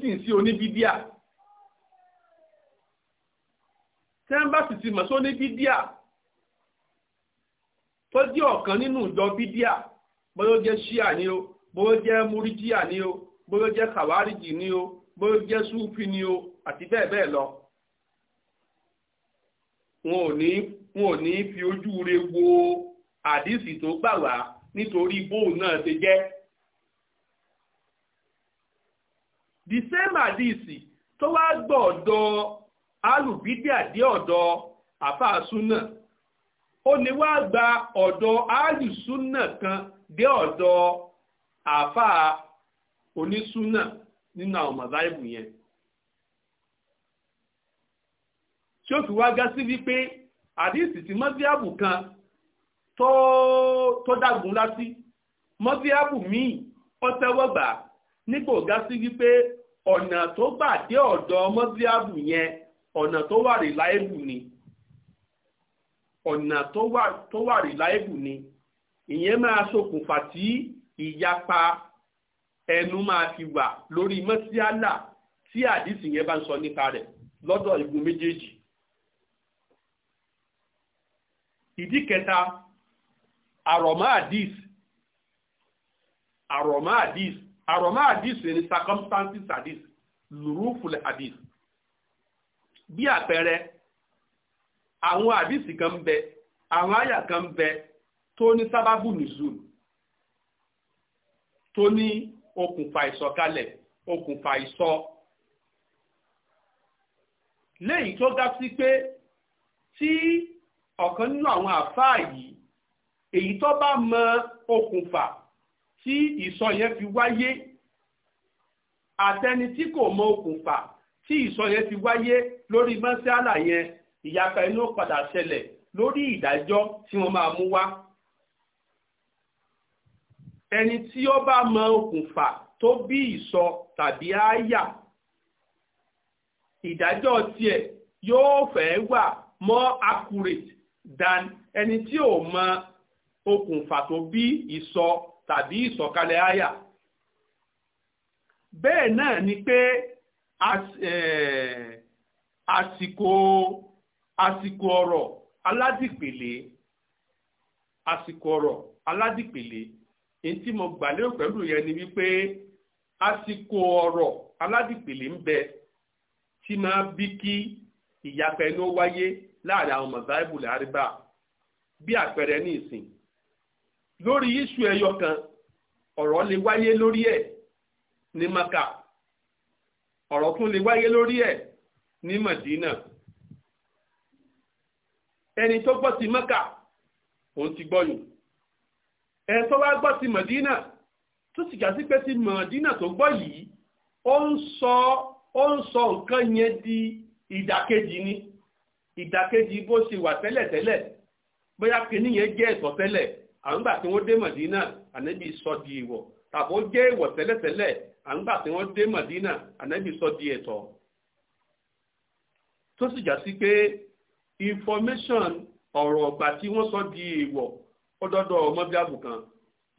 [SPEAKER 2] tẹ́ńbà sì ti mọ̀ só ní bídíà tó jẹ́ ọ̀kan nínú ìjọ bídíà bóyó jẹ́ ṣíà ni o bóyó jẹ́ múrídíà ni o bóyó jẹ́ kàwárìjì ni o bóyó jẹ́ súfì ni o àti bẹ́ẹ̀ bẹ́ẹ̀ lọ. wọn ò ní wọn ò ní fi ojú re wo àdìsí tó gbà wá nítorí bóun náà ṣe jẹ́. the same àdìsí tó wá gbọ́dọ̀ alùbídíà dé ọ̀dọ̀ àfàsúnà ó lè wá gba ọ̀dọ̀ alùsúnà kan dé ọ̀dọ̀ àfà onísúnà nínú àwọn màzáìbù yẹn tí ó fi wá gá sí wípé àdíìsì tí mọ́síábù kan tó dágun lásì mọ́síábù míì ọ̀tẹ́wọ́gbà nípò gá sí wípé ọ̀nà tó gbà dé ọ̀dọ̀ mọ́síábù yẹn ọ̀nà tó wà rìláìbù ni ọ̀nà tó wà rìláìbù ni ìyẹn máa ṣokùnfà tí ìyapa ẹnu máa fi wà lórí mọ́síálà tí àdìsí yẹn bá ń sọ nípa rẹ̀ lọ́dọ̀ igun méjèèjì. ìdí kẹta àrọ̀mọ́ àdìsí àrọ̀mọ́ àdìsí àrọ̀mọ́ àdìsí ni circumstances àdìsí lùrùfùlẹ̀ àdìsí bí àpẹẹrẹ àwọn àdìsí kan ń bẹ àwọn àyà kan ń bẹ tó ní sábàbù nìzul tó ní okùnfà ìsọ̀kalẹ̀ okùnfà ìsọ lẹ́yìn tó dá sí pé tí ọ̀kan nínú àwọn àfáà yìí èyí tó bá mọ okùnfà tí ìsọ yẹn fi wáyé àtẹni tí kò mọ okùnfà tí ìsọ yẹn ti wáyé lórí mọ́sálà yẹn ìyapa inú padà ṣẹlẹ̀ lórí ìdájọ́ tí wọ́n máa mú wá. ẹni tí ó bá mọ okùnfà tó bí ìsọ tàbí àyà ìdájọ́ tiẹ̀ yóò fẹ́ wà more accurate than ẹni tí ò mọ okùnfà tó bí ìsọ tàbí ìsọ̀kalẹ̀ àyà. bẹ́ẹ̀ náà ni pé Eh, àsìkò àsìkò ọ̀rọ̀ aládìpèlé àsìkò ọ̀rọ̀ aládìpèlé èyí tí mo gbà lérò pẹ̀lú yẹn ni wípé àsìkò ọ̀rọ̀ aládìpèlé ń bẹ tí máa bí kí ìyapẹ̀ ló wáyé láàrin àwọn mọ̀sáìbù lárìbá bí àpẹẹrẹ ní ìsìn lórí ẹyọ ọ̀rọ̀ maka ọ̀rọ̀ tún lè wáyé lórí ẹ̀ ní Madina ẹni tó gbọ́ ti Mẹ́kà òun ti gbọ́ yìí ẹ tó wá gbọ́ ti Madina tó sì kà sí pé ti Madina tó gbọ́ yìí ó ń sọ ó ń nǹkan yẹn di ìdàkejì ni ìdàkejì bó ṣe wà tẹ́lẹ̀ tẹ́lẹ̀ bóyá kìíní yẹn jẹ́ ẹ̀tọ́ tẹ́lẹ̀ àwọn gbà tí wọ́n dé Madina ànábì sọ di ìwọ̀ tàbó jẹ́ ìwọ̀ tẹ́lẹ̀. àǹgbà tí wọ́n dé Madina ànábì sọ di ẹ̀tọ́ tó sì já sí pé information ọ̀rọ̀ ọ̀gbà tí wọ́n sọ di èèwọ̀ ọdọọdọ dọ́dọ̀ mọ́bíàbù kan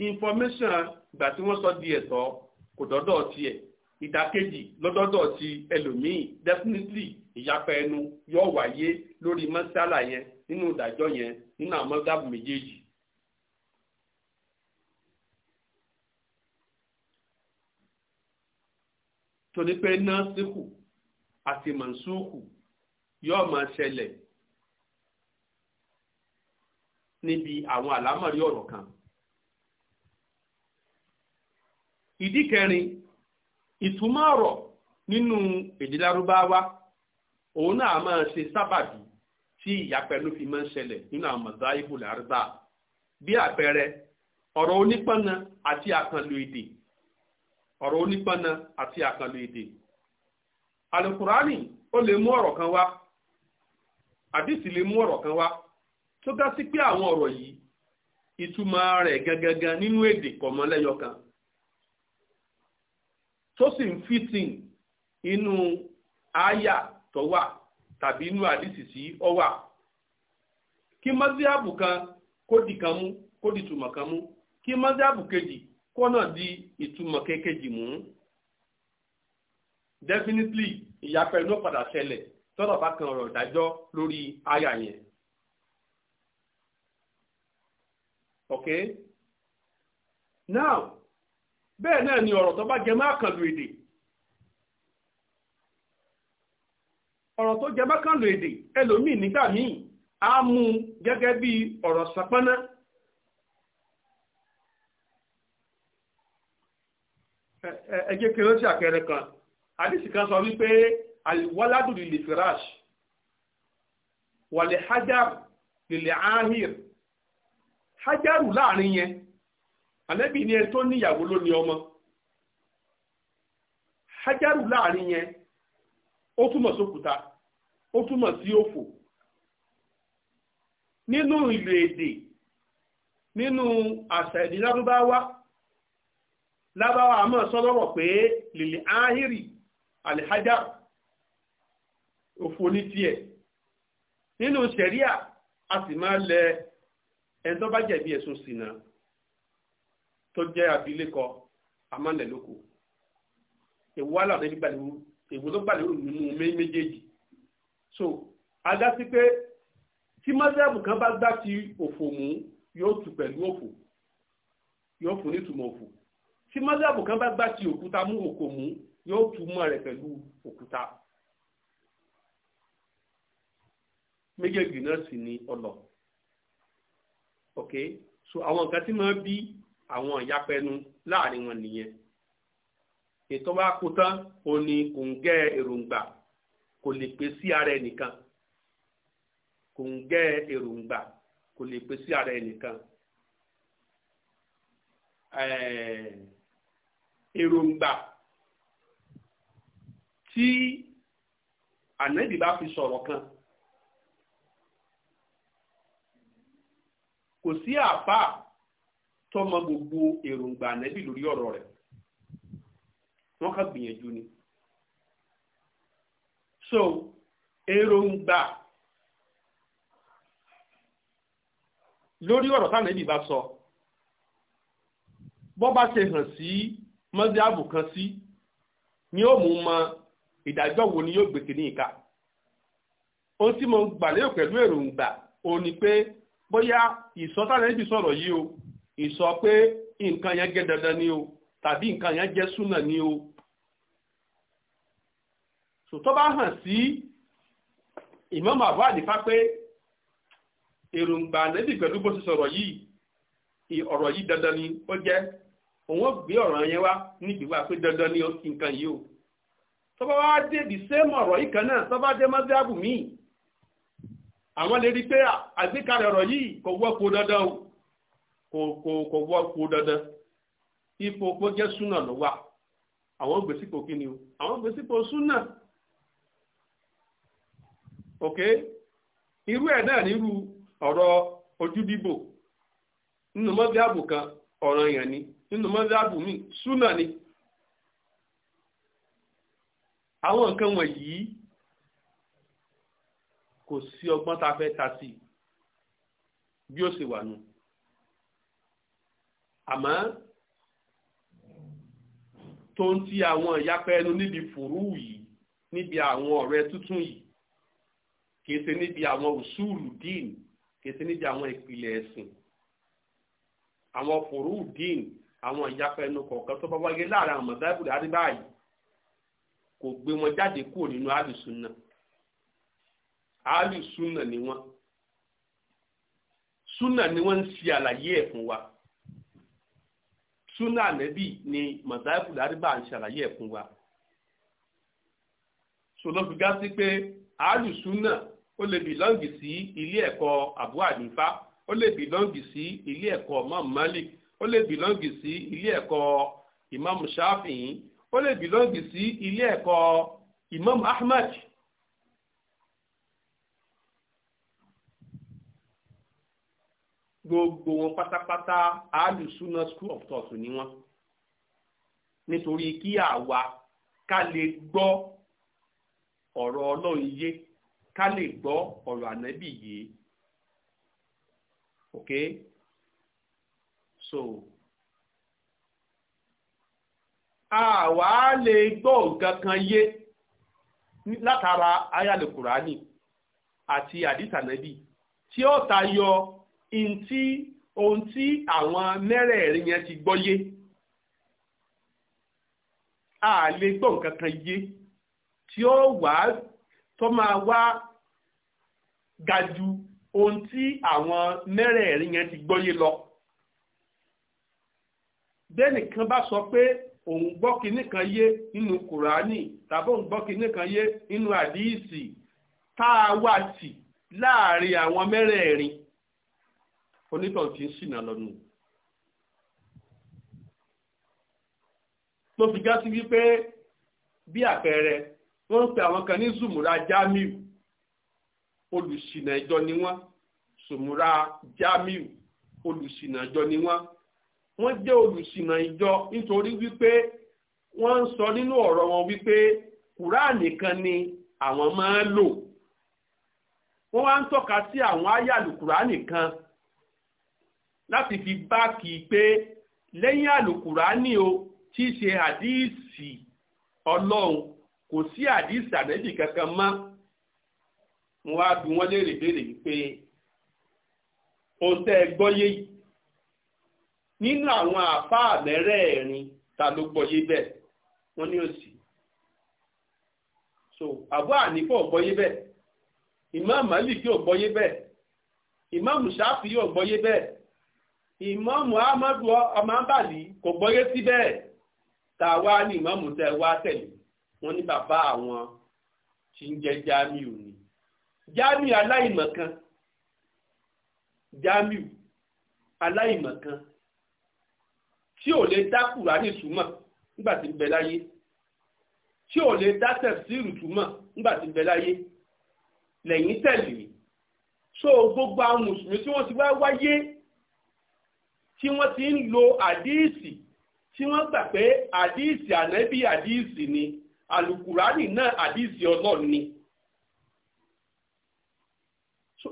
[SPEAKER 2] information ìgbà tí wọ́n sọ di ẹ̀tọ́ kò dọ́dọ̀ tiẹ̀ ìdàkejì lọ́dọ́dọ̀ ti ẹlòmíì definitely ìyapa ẹnu yóò wáyé lórí mọ́sálà yẹn nínú ìdájọ́ yẹn nínú àwọn mọ́bíàbù méjèèjì torí pé násìkù àti mọ̀nsúkù yóò máa ṣẹlẹ̀ níbi àwọn àlámọ̀rí ọ̀rọ̀ kan. ìdí kẹrin ìtumọ̀ ọ̀rọ̀ nínú èdè lárúbáwá òun náà máa ṣe sábàbí tí ìyapẹ̀lú fi máa ń ṣẹlẹ̀ nínú àwọn mọ̀dá ibù lárúbá bí àpẹẹrẹ ọ̀rọ̀ onípọ̀nà àti àkànlò èdè ọ̀rọ̀ onípọnà àti àkànlò èdè alukurani ó lè mú ọ̀rọ̀ kan wá àdìsí lè mú ọ̀rọ̀ kan wá tó dá sí pé àwọn ọ̀rọ̀ yìí ìtumọ̀ rẹ̀ gangan nínú èdè kọ̀mọ́lẹ́yọkan tó sì ń fìtìn inú àyà tó wà tàbí inú àdìsí sí kí kan kó di kan mú kó di tùmọ̀ kan mú kí kejì kọ́nà di ìtumọ̀ kékejì mú definitely ìyapẹ̀ ló padà ṣẹlẹ̀ tọ́lọ̀ bá kan ọ̀rọ̀ ìdájọ́ lórí aya yẹn. okay now bẹ́ẹ̀ náà ni ọ̀rọ̀ tó bá jẹ má kàn lu èdè ọ̀rọ̀ tó jẹ má kàn lu èdè ẹlòmíì nígbà míì á mú gẹ́gẹ́ bí ọ̀rọ̀ sàpọ́nná ẹjẹ́ kí ló ti àpẹẹrẹ kan àdìsí kan sọ wípé àlìwọ́ládù lè firash wàlẹ̀ hajar lè ahir hajaru láàrin yẹn àlẹ́bí ni ẹ tó níyàwó ló ní ọmọ hajaru láàrin yẹn ó túmọ̀ sókúta ó túmọ̀ sí òfò nínú ìlú èdè nínú àṣà ìdílárúbáwá lábáwá àmọ́ sọ́lọ́rọ̀ pé lèlè áhírì àlìhájà òfò ní tiẹ̀ nínú sẹ̀ríà a sì máa lẹ ẹni tó bá jẹ̀bi ẹ̀sùn ṣìnà tó jẹ́ abilékọ amánẹ̀lóko èwo so ajá sí pé tí mọ́sẹ́ẹ̀bù kan bá gbá ti òfò mú yóò tù pẹ̀lú òfò yóò fún nítumọ̀ òfò tí mọ́sàbù kan bá gbá ti òkúta mú òkò mú yóò túmọ̀ rẹ̀ pẹ̀lú òkúta méjèèjì náà sì ni ọlọ ok so àwọn nǹkan tí máa bí àwọn ìyapẹnu láàrin wọn nìyẹn ètò wa kó tán ó ní kò ń gẹ èròǹgbà kò lè pè sí ara ẹnìkan kò ń gẹ èròǹgbà kò lè pè sí ara ẹnìkan ẹẹ èròǹgbà tí ànábì bá fi sọ̀rọ̀ kan kò sí àáfàá tó mọ gbogbo èròǹgbà ànábì lórí ọ̀rọ̀ rẹ̀ wọ́n ká gbìyànjú ni so èròǹgbà lórí ọ̀rọ̀ táwọn ẹbí bá sọ bọ́ bá ṣe hàn sí mọ́síábù kan sí ni ó mú mọ ìdájọ́ wo ni yóò gbèsè ní ìka ohun tí mo gbà lérò pẹ̀lú èròǹgbà òun ni pé bóyá níbi sọ̀rọ̀ yìí o ìsọ pé nǹkan yẹn jẹ́ dandan ni o tàbí nǹkan yẹn jẹ́ súnà ni o bá hàn sí pé èròǹgbà pẹ̀lú bó òun gbé ọ̀ràn yẹn wá níbi wá pé dandan ni nǹkan yìí o tọ́ba wá dé the same ọ̀rọ̀ yìí kan náà tọ́ba dé mọ́sáàbù míì àwọn lè rí pé àgbékalẹ̀ ọ̀rọ̀ yìí kò dandan o kò kò kò dandan ipò kó jẹ́ súnà ló wà àwọn gbèsípò kí ni o àwọn gbèsípò súnà ok irú ẹ̀ náà nírú ọ̀rọ̀ ojú bíbò nínú mọ́sáàbù kan yẹn ni nínú mọ́sáàbù mi súnà ni àwọn nǹkan wọ̀nyí kò sí ọgbọ́n tá a fẹ́ ta sí bí ó ṣe wà nù àmọ́ tó ń ti àwọn ìyapẹ́ ẹnu níbi fùrú yìí níbi àwọn ọ̀rẹ́ tuntun yìí kìí ṣe níbi àwọn òṣùlù dín kìí ṣe níbi àwọn ìpìlẹ̀ ẹ̀sìn àwọn fùrú dín àwọn ìyapẹnu kọ̀ọ̀kan tó bá wáyé láàrin àwọn mọ̀dáìbùrù àríbáyìí kò gbé wọn jáde kúrò nínú alùsùnà alùsùnà ni wọn súnà ni wọn ń ṣe àlàyé ẹ̀ fún wa súnà ànẹ́bì ni mọ̀dáìbùrù àríbáyìí ń ṣàlàyé ẹ̀ fún wa sọlọ́fi gá sí pé alùsùnà ó lè bìlọ́ǹgì sí ilé ẹ̀kọ́ àbúrò àdìfá ó lè bìlọ́ǹgì sí ilé ẹ̀kọ́ mọ́ọ̀mọ́lì. ó lè bìlọ́ǹgì sí ilé ẹ̀kọ́ imam shafi'i ó lè bìlọ́ǹgì sí ilé ẹ̀kọ́ imam ahmad gbogbo wọn pátápátá alùsùnà school of thought ni wọn nítorí kí àwa ká lè gbọ́ ọ̀rọ̀ ọlọ́run yé ká lè gbọ́ ọ̀rọ̀ ànábì yé okay so wa lè gbọ́ nǹkan kan yé látara ayálò kùránì àti àdìsànẹ́bì tí ó tayọ ntí ohun tí àwọn mẹ́rẹ̀ẹ̀rin yẹn ti gbọ́ yé a lè gbọ́ nǹkan kan yé tí ó wà tó máa wá ga ohun tí àwọn mẹ́rẹ̀ẹ̀rin yẹn ti gbọ́ lọ. bẹ́nìkan bá sọ pé òun gbọ́ kinní kan yé nínú kùránì tàbí òun gbọ́ kinní kan yé nínú àdíìsì tá a wà tì láàrin àwọn mẹ́rẹ̀ẹ̀rin onítọ̀hún ti ń ṣìnà lọ́nu. mo fi já sí wípé bí àpẹẹrẹ wọ́n ń pe àwọn kan ní zùmùrà jamiu olùṣìnà ìjọ ni wọ́n zùmùrà jamiu olùṣìnà ìjọ ni wọ́n wọ́n jẹ́ olùṣìnà ìjọ nítorí wípé wọ́n ń sọ nínú ọ̀rọ̀ wọn wípé Quran nìkan ni àwọn máa ń lò wọ́n wá ń tọ́ka sí àwọn ayàlù Quran nìkan láti fi báàkì pé lẹ́yìn àlùkùránì o tí í ṣe àdíìsì ọlọ́run kò sí àdíìsì àdẹ́jì kankan mọ́ mo wá bi wọ́n léèrè béèrè wípé ohun tẹ́ ẹ gbọ́ yé yìí nínú àwọn àfáà mẹ́rẹ̀ẹ̀rin ta ló gbọ́yé bẹ́ẹ̀ wọ́n ní òsì so Abu Hanifa ò gbọ́yé bẹ́ẹ̀ Imam Maliki ò gbọ́yé bẹ́ẹ̀ Imam Shafi'i ò gbọ́yé bẹ́ẹ̀ Imam Ahmadu amambali kò gbọ́yé sí bẹ́ẹ̀ ta wá ní Imam tẹ wá tẹ̀lé wọ́n ní bàbá àwọn tí ń jẹ́ Jamiu ni Jamiu tí ò lè dá kùránì túmọ̀ nígbà tí ń bẹ láyé tí ò lè dá tẹ̀síìrù túmọ̀ nígbà tí ń bẹ láyé lẹ́yìn tẹ̀lé so gbogbo àwọn mùsùlùmí tí wọ́n ti wá wáyé tí wọ́n ti ń lo àdíìsì tí wọ́n gbà pé àdíìsì ànábì àdíìsì ni àlùkùránì náà àdíìsì ọlọ́run ni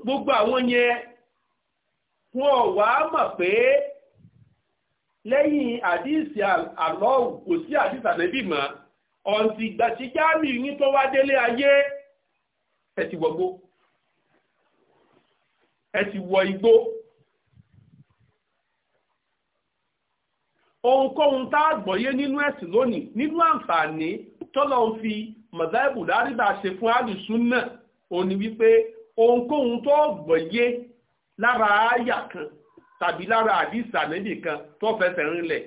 [SPEAKER 2] gbogbo àwọn yẹn wọn ò wá mọ̀ pé lẹ́yìn àdíìsì àlọ́ọ̀hù kò sí àdíìsì ànẹ́bì mọ́ ọ̀ǹtì ìgbà tí jáàmì ní tó wá délé ayé ẹ ti wọgbó ẹ ti wọ igbó ohunkóhun tá àgbọ̀yé nínú ẹ̀sìn lónìí nínú àǹfààní tọ́lọ́ ń fi mọ̀dáìbù dáríbà ṣe fún àdùsùn náà òní wípé ohunkóhun tó gbọ̀yé lára àyà kan tàbí lára àdìsí ànábì kan tó fẹsẹ̀ rinlẹ̀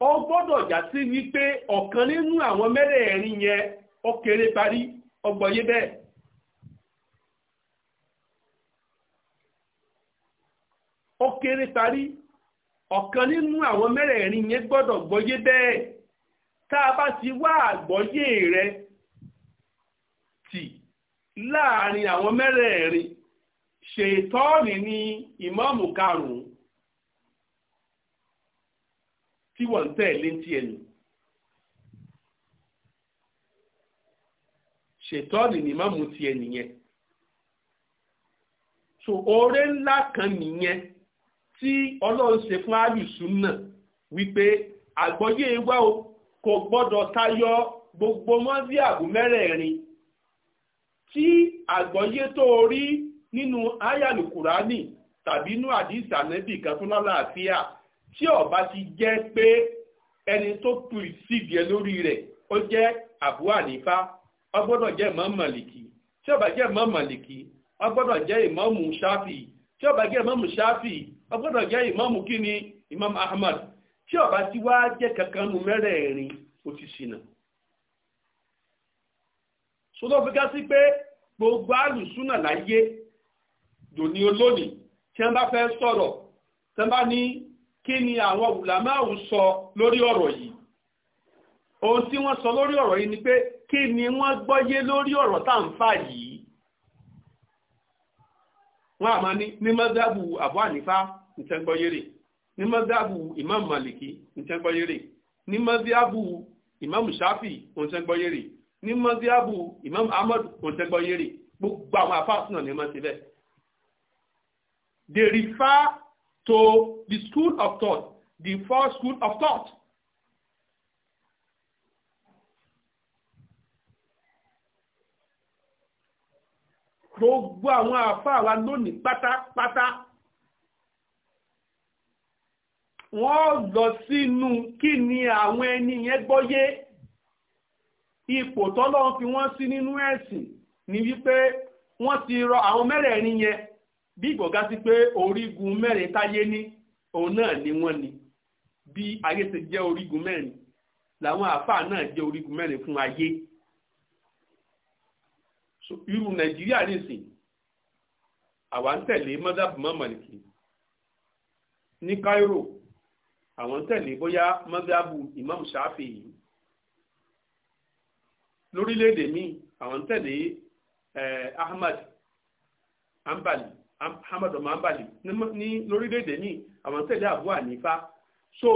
[SPEAKER 2] ó gbọ́dọ̀ já sí wípé ọ̀kan nínú àwọn mẹ́rẹ̀ẹ̀rin yẹn ó kéré parí ọgbọ̀nyé bẹ́ẹ̀. ó kéré parí ọ̀kan nínú àwọn mẹ́rẹ̀ẹ̀rin yẹn gbọ́dọ̀ gbọ́yé bẹ́ẹ̀ tá a bá ti wá àgbọ́yé rẹ̀ tì láàrin àwọn mẹ́rẹ̀ẹ̀rin ṣètọ́ọ̀nì ni ìmáàmù karùn-ún tí wọ́n ń tẹ̀lé ti ẹ̀nu ṣètọ́ọ̀nì ni ìmáàmù ti ẹ̀ nìyẹn so oore ńlá kan nìyẹn tí ọlọ́run ṣe fún àlùsùn náà wípé àgbọ́yé wa o kò gbọ́dọ̀ tayọ gbogbo mọ́sí àbúmẹ́rẹ̀ẹ̀rin tí àgbọ́yé tó rí nínú ayàlù tàbí inú àdìsí ànẹ́bì kan tó àfíà tí ọba ti jẹ́ pé ẹni tó ẹ lórí rẹ̀ ó jẹ́ àbú ànífá ó jẹ́ ìmọ̀ tí ọba jẹ́ ìmọ̀ jẹ́ ìmọ̀mù ṣáfì tí ọba jẹ́ ìmọ̀mù ṣáfì ahmad tí ọba ti wá jẹ́ kankan nu mẹ́rẹ̀ẹ̀rin ó ti sí pé gbogbo àlùsúnà láyé dòní olónìí tí wọ́n bá fẹ́ sọ̀rọ̀ tí wọ́n bá ní kí ni àwọn wùlámáàwù sọ lórí ọ̀rọ̀ yìí ohun tí wọ́n sọ lórí ọ̀rọ̀ yìí ni pé kí ni wọ́n gbọ́yé lórí ọ̀rọ̀ tá à ń fà yìí wọ́n àmọ́ ní ní mọ́dábù àbọ̀ ànífà nìtẹ́gbọ́yérè ní mọ́dábù ìmáàmù màlìkì nìtẹ́gbọ́yérè ní mọ́dábù ìmáàmù ṣáfì nìtẹ́gbọ́yérè ní mọ́dábù ìmáàmù ahmad nìtẹ́gbọ́yérè gbogbo àwọn àfáà sínà ní mọ́ síbẹ̀ They refer to the school of thought, the first school of thought. Gbogbo àwọn àfáà wa lónìí pátápátá wọ́n lọ sínú kí ni àwọn ẹni yẹn gbọ́yé ipò tọ́lọ́run fi wọ́n sí nínú ẹ̀sìn ni wípé wọ́n ti rọ àwọn mẹ́rẹ̀ẹ̀rin yẹn bí ìgbọ̀gá sí pé orígun mẹ́rin táyé ní òun náà ni wọ́n ni bí ayé ṣe jẹ́ orígun mẹ́rin làwọn àáfàá náà jẹ́ orígun mẹ́rin fún ayé irú nàìjíríà nìsín àwa ń tẹ̀lé mọ́sáàbù mọ́mọ́lìkì ní Cairo àwọn ń tẹ̀lé bóyá mọ́sáàbù Imam Shafi yìí lórílẹ̀‐èdè míì àwọn ń tẹ̀lé eh, Ahmad Ambali Ahmad omambali ní lórílẹ̀‐èdè ní àwọn tẹ̀lé àbúrò ànífà so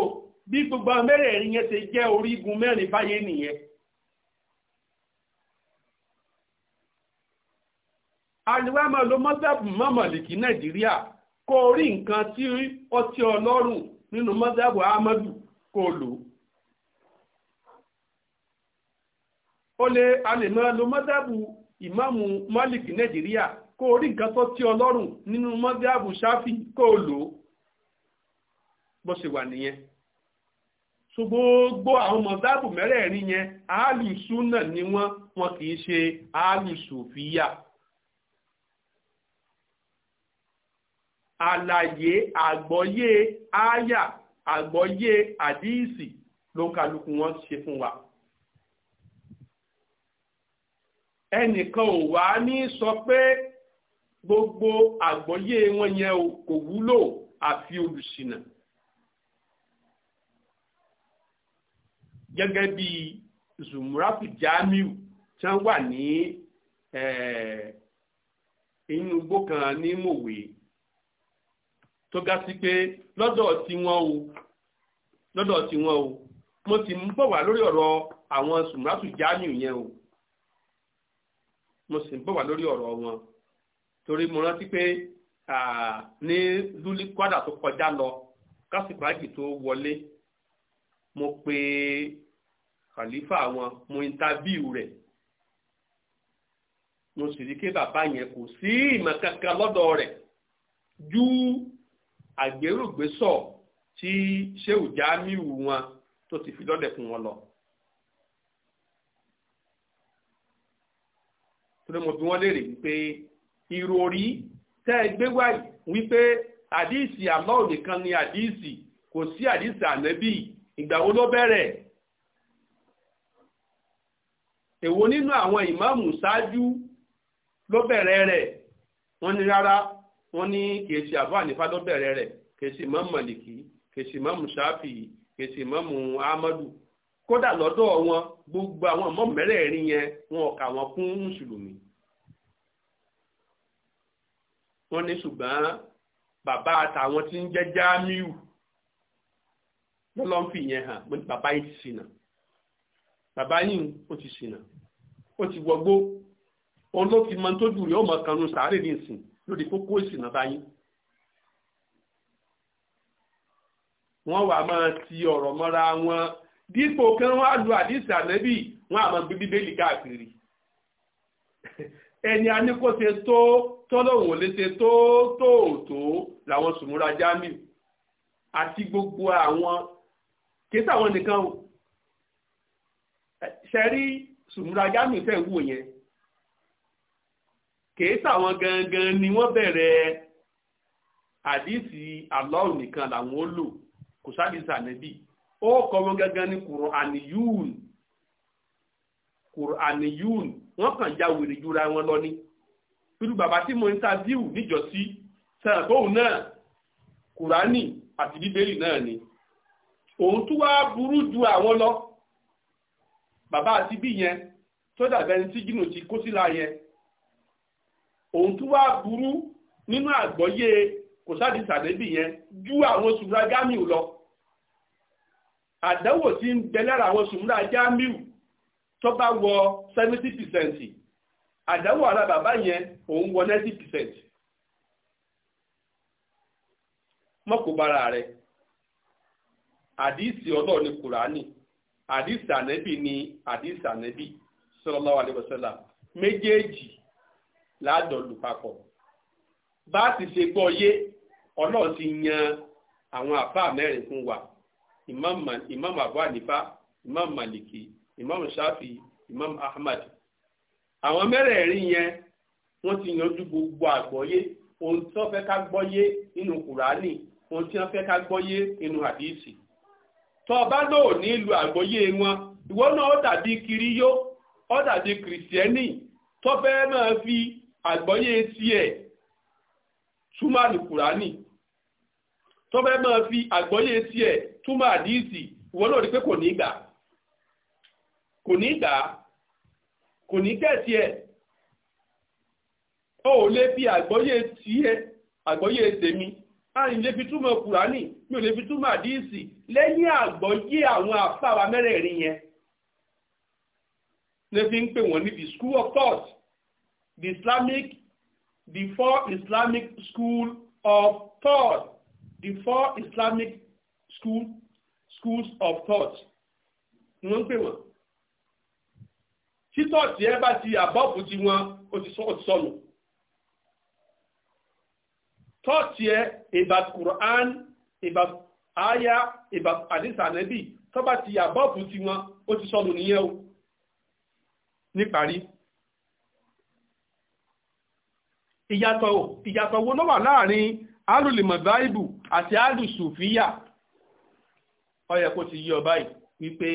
[SPEAKER 2] bí gbogbo amẹ́rẹ̀ẹ̀rin yẹn ti jẹ́ orígun mẹ́rin báyé nìyẹn. àlùwá máa lo mọ́sáàbù mọ́mọ̀lìkì nàìjíríà kó rí nǹkan tí nínú mọ́sáàbù lò ó. lè a lè mọ́sáàbù mọ́lìkì nàìjíríà kó o rí nǹkan tó tí ọlọ́run nínú mọ́díàbù ṣáfì kó o lò ó bó ṣe wà nìyẹn so gbogbo àwọn mọ̀dáàbù mẹ́rẹ̀ẹ̀rin yẹn áàlùsù náà ni wọ́n wọn kì í ṣe áàlùsù fìyà àlàyé àgbọ́yé áyà àgbọ́yé àdíìsì ló ń wọn ṣe fún wa ẹnìkan ò wá ní sọ pé gbogbo àgbọ́yé wọn yẹn kò wúlò àfi olùṣìnà gẹ́gẹ́ bí zumurafu jamiu tí wọ́n wà ní eh, inú igbó kan ní mòwe tó ga sí pé lọ́dọ̀ tiwọn o lọ́dọ̀ tiwọn o mo sì ń bọ̀ wá lórí ọ̀rọ̀ àwọn zumurafu jamiu yẹn o mo sì ń bọ̀ wá lórí ọ̀rọ̀ wọn torí mo rántí pé ní lúlí kọ́dà tó kọjá lọ kásìbájì tó wọlé mo pe khalifa wọn mo intabiu rẹ̀ mo sì rí i pé bàbá yẹn kò sí ìmọ̀ kankan lọ́dọ̀ rẹ̀ ju àgbérògbésọ̀ tí sheu jamiu wọn tó ti fi lọ́lẹ̀ fún wọn lọ. torí mo bi wọ́n léèrè wípé ìròrí tẹ́ ẹ gbé wáyé wípé àdíìsì Allah nìkan ni àdíìsì kò sí àdíìsì ànábì ìgbà wo ló bẹ̀rẹ̀ èwo nínú àwọn ìmáàmù ṣáájú ló bẹ̀rẹ̀ rẹ̀ wọ́n ní rárá wọ́n ní kìí ṣe àbọ̀ ànífà ló bẹ̀rẹ̀ rẹ̀ kìí ṣe ìmáàmù màlìkì kìí ṣe ìmáàmù ṣáfì kìí ṣe kódà lọ́dọ̀ wọn gbogbo àwọn ìmáàmù mẹ́rẹ̀ẹ̀rin yẹn wọn ò kà wọ́n mùsùlùmí wọ́n ní ṣùgbọ́n bàbá àtàwọn tí ń jẹ́ Jamiu lọ́lọ́ ń fi ìyẹn hàn mo bàbá yìí ti ṣìnà bàbá yìí ó ti ṣìnà ó ti wọgbó òun ló fi tó jù ọmọ kan sàárè ní ìsìn lórí kókó ìsìnà wọ́n wà máa ti ọ̀rọ̀ mọ́ra wọn dípò kí wọ́n á lu àdìsí ànẹ́bì wọ́n á máa gbé bíbélì ẹni a ní kó ṣe tó tọ́lọ́hùn ò lè ṣe tó tóòtó làwọn sùmúra Jamiu àti gbogbo àwọn kéésì àwọn nìkan o ṣẹ́rí sùmúra Jamiu fẹ́ wò yẹn kèésì àwọn gangan ni wọ́n bẹ̀rẹ̀ àdìsí àlọ́ọ̀ nìkan làwọn ó lò kò sáàdìsí ànẹ́bí ó kọ́ wọn gangan ní kùrọ̀ àníyún kùrọ̀ àníyún wọ́n kàn ya wèrè jura wọn lọ ni irú bàbá tí mo interview níjọ́sí sẹ́yìn tóun náà kùránì àti bíbélì náà ni òun tún wá burú ju àwọn lọ bàbá àti bí yẹn tó dàbẹ́ ní tí jìnnà ti kó sílá yẹn òun tún wá burú nínú àgbọ́yé kò sáà di sàdébì yẹn ju àwọn sùnmùrà jámíù lọ àdánwò tí ń bẹ lára àwọn sùnmùrà jámíù tó bá wọ seventy percent àdáwọ̀ ara bàbá yẹn òun wọ ninety percent mọ́kò bára rẹ̀ àdìsí ọlọ́ọ̀ ní kùránì àdìsí ànẹ́bì ni àdìsí ànẹ́bì sallallahu alaihi wasallam méjèèjì ládọ̀lù papọ̀ bá ti ṣe gbọ́ yé ọlọ́ọ̀ ti yan àwọn àfáà mẹ́rin fún wa imam imam abu hanifa imam maliki imam shafi imam ahmad àwọn mẹ́rẹ̀ẹ̀rin yẹn wọ́n ti yanjú gbogbo àgbọ́yé ohun tí wọ́n fẹ́ ká gbọ́yé nínú kùránì ohun tí wọ́n fẹ́ ká gbọ́yé nínú hadisi tó o bá lò ní ìlú àgbọ́yé wọn ìwọ náà ó dàbí kiri yó ó dàbí kìrìsìẹ́nì tó fẹ́ máa fi àgbọ́yé tiẹ̀ túmọ̀ ní kùránì tó fẹ́ máa fi àgbọ́yé tiẹ̀ túmọ̀ hadisi ìwọ náà rí pé kò ní gbà kò ní gbà á kò ní kẹ̀sí ẹ̀ ó lè fi àgbọ́yé tiẹ̀ àgbọ́yé tèmi láàrin lè fi túmọ̀ kùránì mi ò lè fi túmọ̀ àdíìsì lẹ́yìn àgbọ́yé àwọn àfáwà mẹ́rẹ̀ẹ̀rin yẹn lè fi ń pè wọ́n ní school of thought the Islamic the four Islamic school of thought the four Islamic school schools of thought ni wọ́n pè wọ́n títọ́ọ̀tì ẹ bá ti àbọ́ọ̀fù ti wọn ó ti sọnù tọ́ọ̀tì ẹ ìbàt Quran ìbàt aya ìbàt àdìsá nẹ́bì tó bá ti àbọ́ọ̀fù ti wọn ó ti sọnù nìyẹn o níparí ìyàtọ̀ ìyàtọ̀ wo ló wà láàrin alùlìmọ̀báìbù àti alùsùfíyà ó yẹ kó ti yí ọ báyìí wípé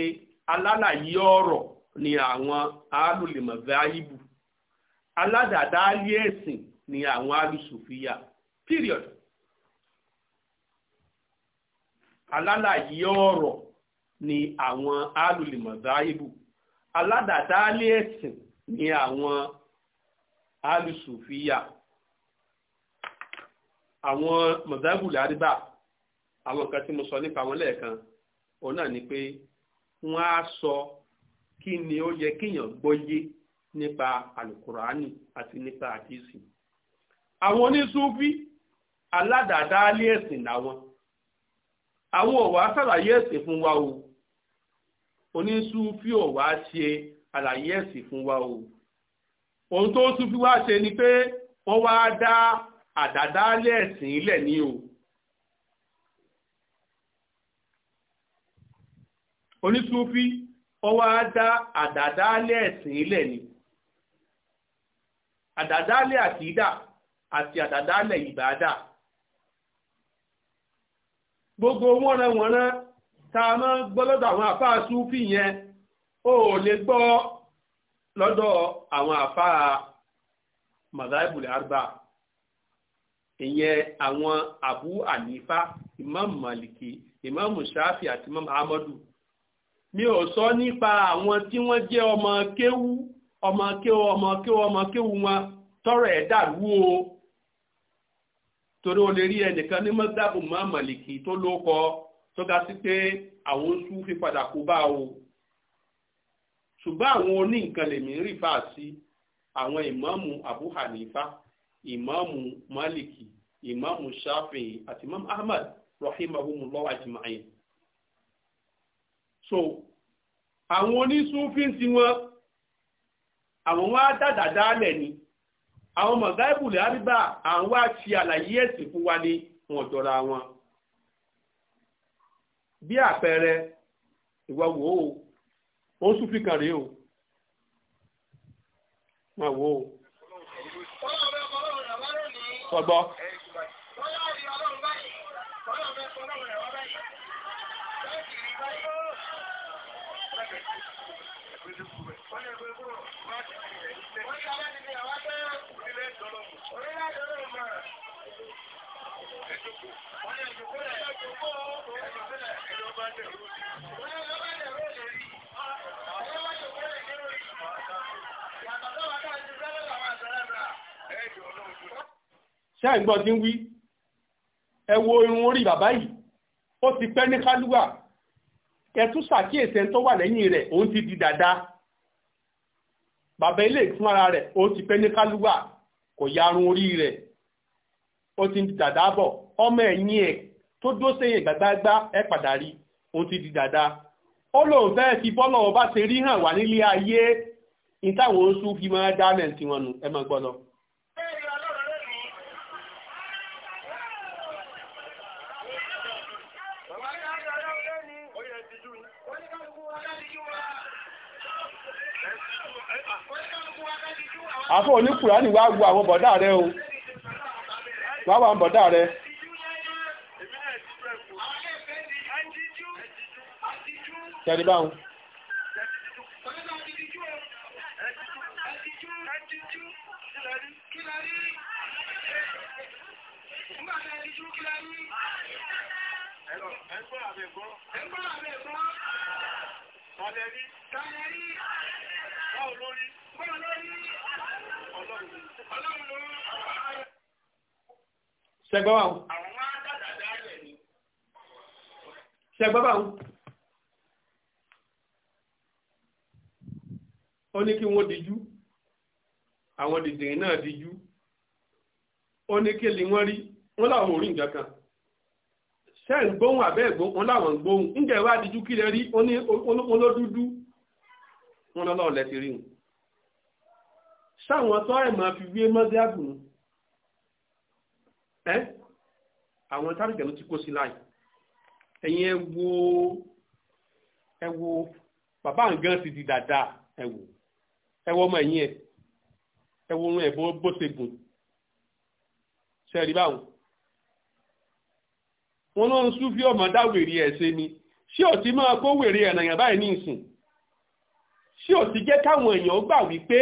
[SPEAKER 2] alálàyé ọ̀rọ̀ ni àwọn alùlèmọ̀fẹ́ ayíbù aladada ẹ̀sìn ni àwọn alùsòfíà period alálàyé ọ̀rọ̀ ni àwọn alùlèmọ̀fẹ́ ayíbù aladada ẹ̀sìn ni àwọn alùsòfíà àwọn mọ̀dábù làríbà àwọn kan tí mo sọ nípa wọn lẹ́ẹ̀kan òun náà ni pé wọ́n á sọ kí ni ó yẹ kéèyàn gbọ́yé nípa alukurani àti nípa àdìsí àwọn onísúfí aládàádáálé ẹ̀sìn làwọn àwọn ò wá ṣàlàyé ẹ̀sìn fún wa o onísúfí ò wá ṣe àlàyé ẹ̀sìn fún wa o ohun tó súfí wá ṣe ni pé wọ́n wá dá àdàádáálé ẹ̀sìn ilẹ̀ ní o onísúfí ó wá dá àdàdálẹ̀ ẹ̀sìn ilẹ̀ ni àdàdálẹ̀ àkídà àti àdàdálẹ̀ ìbàdà gbogbo wọ́nranwọ̀nran tá a máa gbọ́ lọ́dọ̀ àwọn àfáà súfì yẹn ó lè gbọ́ lọ́dọ̀ àwọn àfáà mazahibul arba ìyẹn àwọn abu anifa imam maliki imam shafi àti imam ahmadu mi ò sọ nípa àwọn tí wọ́n jẹ́ ọmọ kéwú ọmọ kéwú ọmọ kéwú ọmọ kéwú wọn tọrọ ẹ̀ dàrú o torí o lè rí ẹnìkan ní mọ́sáàbù mọ́mọ́lìkì tó lóko tó ga sí pé àwọn oṣù fi padà kó bá o ṣùgbọ́n àwọn oní nǹkan lèmi rí fà sí àwọn ìmáàmù Abu Hanifa ìmáàmù Maliki ìmáàmù Shafi'i àti ìmáàmù Ahmad rahimahumullah ajma'in so àwọn onísúnfín tí wọ́n àwọn wá dàdà dálẹ̀ ni àwọn mọ̀gáìbùlẹ̀ àríbà àwọn wá ti àlàyé ẹ̀sìn fún wa ní wọn jọra wọn bí àpẹẹrẹ ìwà wò ó ó kan rèé o wọn wò ó ọgbọ́n. ṣe àìgbọ́ tí ń wí ẹ wo irun orí bàbá yìí ó ti pẹ́ ní kálúwà ẹtún ṣàkíyèsí ẹni tó wà lẹ́yìn rẹ̀ òun ti di dada bàbá ilé fún ara rẹ̀ ó ti pẹ́ ní kálúwà kò ya irun orí rẹ̀ ó ti di dàda bọ̀ ọmọ ẹ̀yìn ẹ̀ tó dó sẹ́yìn gbàgbàgbà ẹ padà rí o ti di dada ó lóun fẹ́ fi bọ́lọ̀ ọba ṣe rí hàn wà nílé ayé ní oṣù fi máa dá mẹ́ǹtì wọn nù ẹ máa
[SPEAKER 1] oníkùrá ni wàá
[SPEAKER 2] àwọn o wàá bọ̀dá rẹ. tẹ́rí báwọn. Ṣẹgbọ́n báwọn. Ṣẹgbọ́n báwọn. ó ní kí wọ́n dijú àwọn dìndìn náà dijú ó ní kí wọ́n rí wọ́n láwọn ò rí nǹkan kan gbóhùn àbẹ́ wọn láwọn gbóhùn ń kí rí wọn ló dúdú wọn lọ́lọ́ ọ̀lẹ́ ti rí wọn sáwọn tó àìmọ̀ fi wé mọ́síábù nù àwọn ló ti kó sí láì ẹ̀yin ẹ wo ẹ wo bàbá nǹkan ti di dáadáa ẹ wò. ẹ ọmọ ẹ̀yìn ẹ wo ohun bó ṣe gùn ṣe báwọn. wọn ló ń sún fí ọmọ dá wèrè ṣe ni ti máa kó wèrè nàyàn báyìí ní ìsìn ṣé ti káwọn èèyàn gbà wípé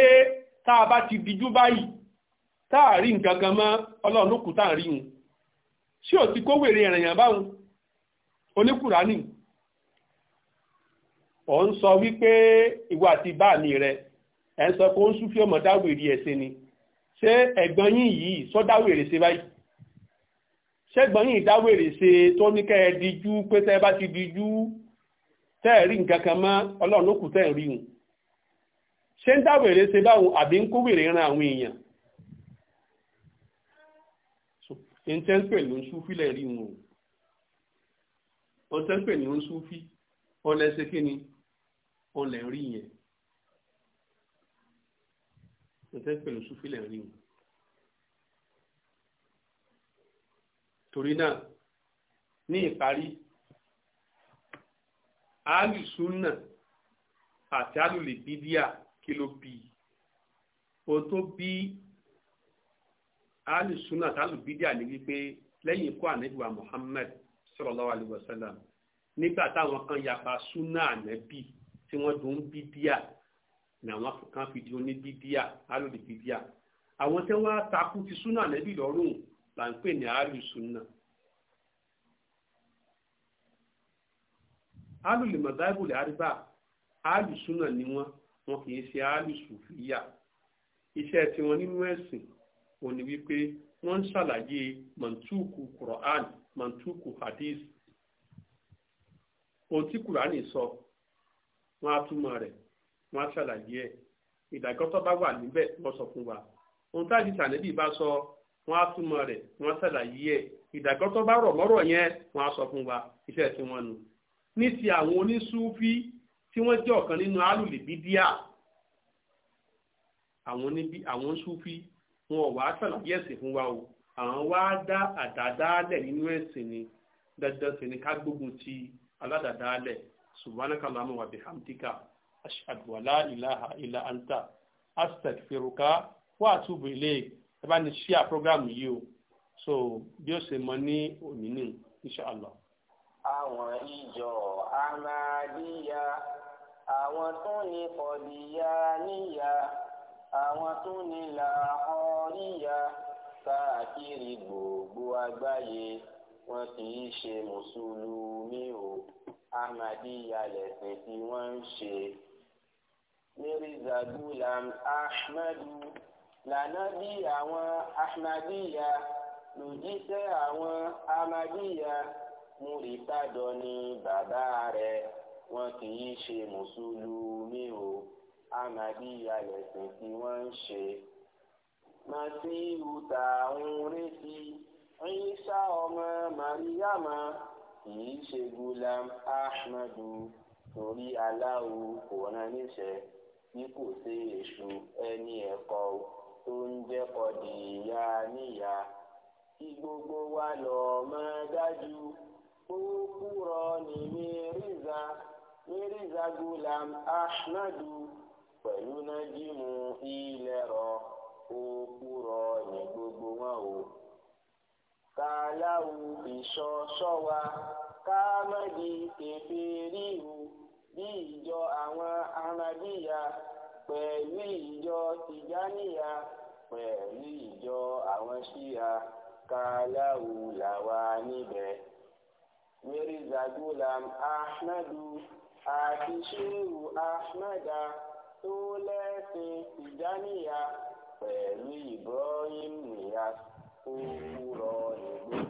[SPEAKER 2] tá a bá ti dijú báyìí tá a rí nǹkan kan mọ́ ló kù kó wèrè nàyàn báwọn ń sọ wípé ìwà ẹ̀ ń sọ pé ó ń súnfí ọmọ dáwèrè ẹ̀ṣẹ̀ ni ṣé ẹ̀gbọ́n yín yìí sọ dáwèrè ṣe báyìí ṣẹ́gbọ́n yìí dáwèrè ṣe tó ní kẹ́ ẹ dijú pé tẹ́ ẹ bá ti dijú tẹ́ ẹ rí nǹkan kan mọ́ ọlọ́run ló kù tẹ́ ẹ rí hùn ṣé ń dáwèrè ṣe báwọn àbí ń kówèrè ran àwọn èèyàn ìtẹ́ńpẹ̀ ló ń súnfí lẹ̀ rí hùn ọ̀tẹ́ńpẹ̀ ló ń súnfí ọlẹ́sẹ̀ kí ni ọlẹ́ rí yẹn tẹ́ pẹ̀lú súfìlẹ̀ rí o torí náà ní ìparí alùsùnà àti alùlẹ̀bídíà kí ló bí ohun tó bí alùsùnà àti alùbídíà ní wípé lẹ́yìn ikú ànẹ́bíwá Muhammad sallallahu alaihi wasallam nígbà táwọn kan yapa súnà ànẹ́bí tí wọ́n dùn bídíà ni àwọn kan fi di oní bíbíà alòdì bíbíà àwọn tí wọ́n takú ti súnà nẹ́bí lọ́rùn là ń pè ní àálù súnà. àálù lè mọ̀ báíbùlì àríbà àálù súnà ni wọ́n wọn kì í ṣe àálù sùfìyà iṣẹ́ tiwọn nínú ẹ̀sìn ò ní wípé wọ́n ń ṣàlàyé mọ̀túùkù quran mọ̀túùkù hadith ohun tí quran sọ wọ́n á túmọ̀ rẹ̀ wọ́n á ṣàlàyé ẹ̀ ìdájọ́ tó bá wà níbẹ̀ wọ́n sọ fún wa ohun tá a ti sànẹ́bí bá sọ wọ́n á túmọ̀ rẹ̀ wọ́n á ṣàlàyé ẹ̀ ìdájọ́ tó bá rọ̀ mọ́rọ̀ yẹn wọ́n á sọ fún wa iṣẹ́ tí wọ́n nu ní ti àwọn onísúfí tí wọ́n jẹ́ ọ̀kan nínú alùlìbídíà àwọn níbi àwọn súfí wọn ò wá ṣàlàyé ẹ̀sìn fún wa o àwọn wá dá àdádálẹ̀ nínú ẹ̀sìn ni dandan sì ni ká gbógun ti aládàdálẹ̀ subhanakallahumma wa bihamdika ashhadu wa la ilaha illa anta astaghfiruka wa atubu ilayk ẹ bá ní ṣíà prógrámù yìí o so bí ó ṣe mọ ní òní ní inṣàlá.
[SPEAKER 4] àwọn ìjọ Ahmadiyya àwọn tó ní kọ̀díyà níyà àwọn tó ní làhọ́ríyà káàkiri gbogbo àgbáyé wọn kì í ṣe mùsùlùmí o Ahmadiyya lẹ̀sìn tí wọ́n ń ṣe mirza gulam ahmadu lànàbí àwọn ahmadiyya lòjíṣẹ́ àwọn ahmadiyya múritádọ ni bàbá rẹ̀ wọn kì í ṣe mùsùlùmí o ahmadiyya lẹ̀sìn tí wọ́n ń ṣe. masiru tààrùn retí Ìsá ọmọ mariama kì í ṣe gulam ahmadu torí aláwo kò rán níṣẹ́. bí kò ṣe èṣù ẹni ẹ̀kọ́ tó ń jẹ́ kọdìyà níyà kí gbogbo wa lọ mọ̀ dájú ó kúrọ ní mírízà mírízà gulam ahmadu pẹ̀lú nájímù ilẹ̀rọ ó kúrọ ní gbogbo wọn o kàláwù ìṣọṣọ wa ká má di kẹfẹ ríru. bí ìjọ àwọn ahmadiyya pẹ̀lú ìjọ tijaniya pẹ̀lú ìjọ àwọn ṣíya kàláwù làwà níbẹ̀. mirza gulam ahmadu àti shehu ahmada tó lẹ́sìn tijaniya pẹ̀lú ibrahim niyas ó kúrò nígbè.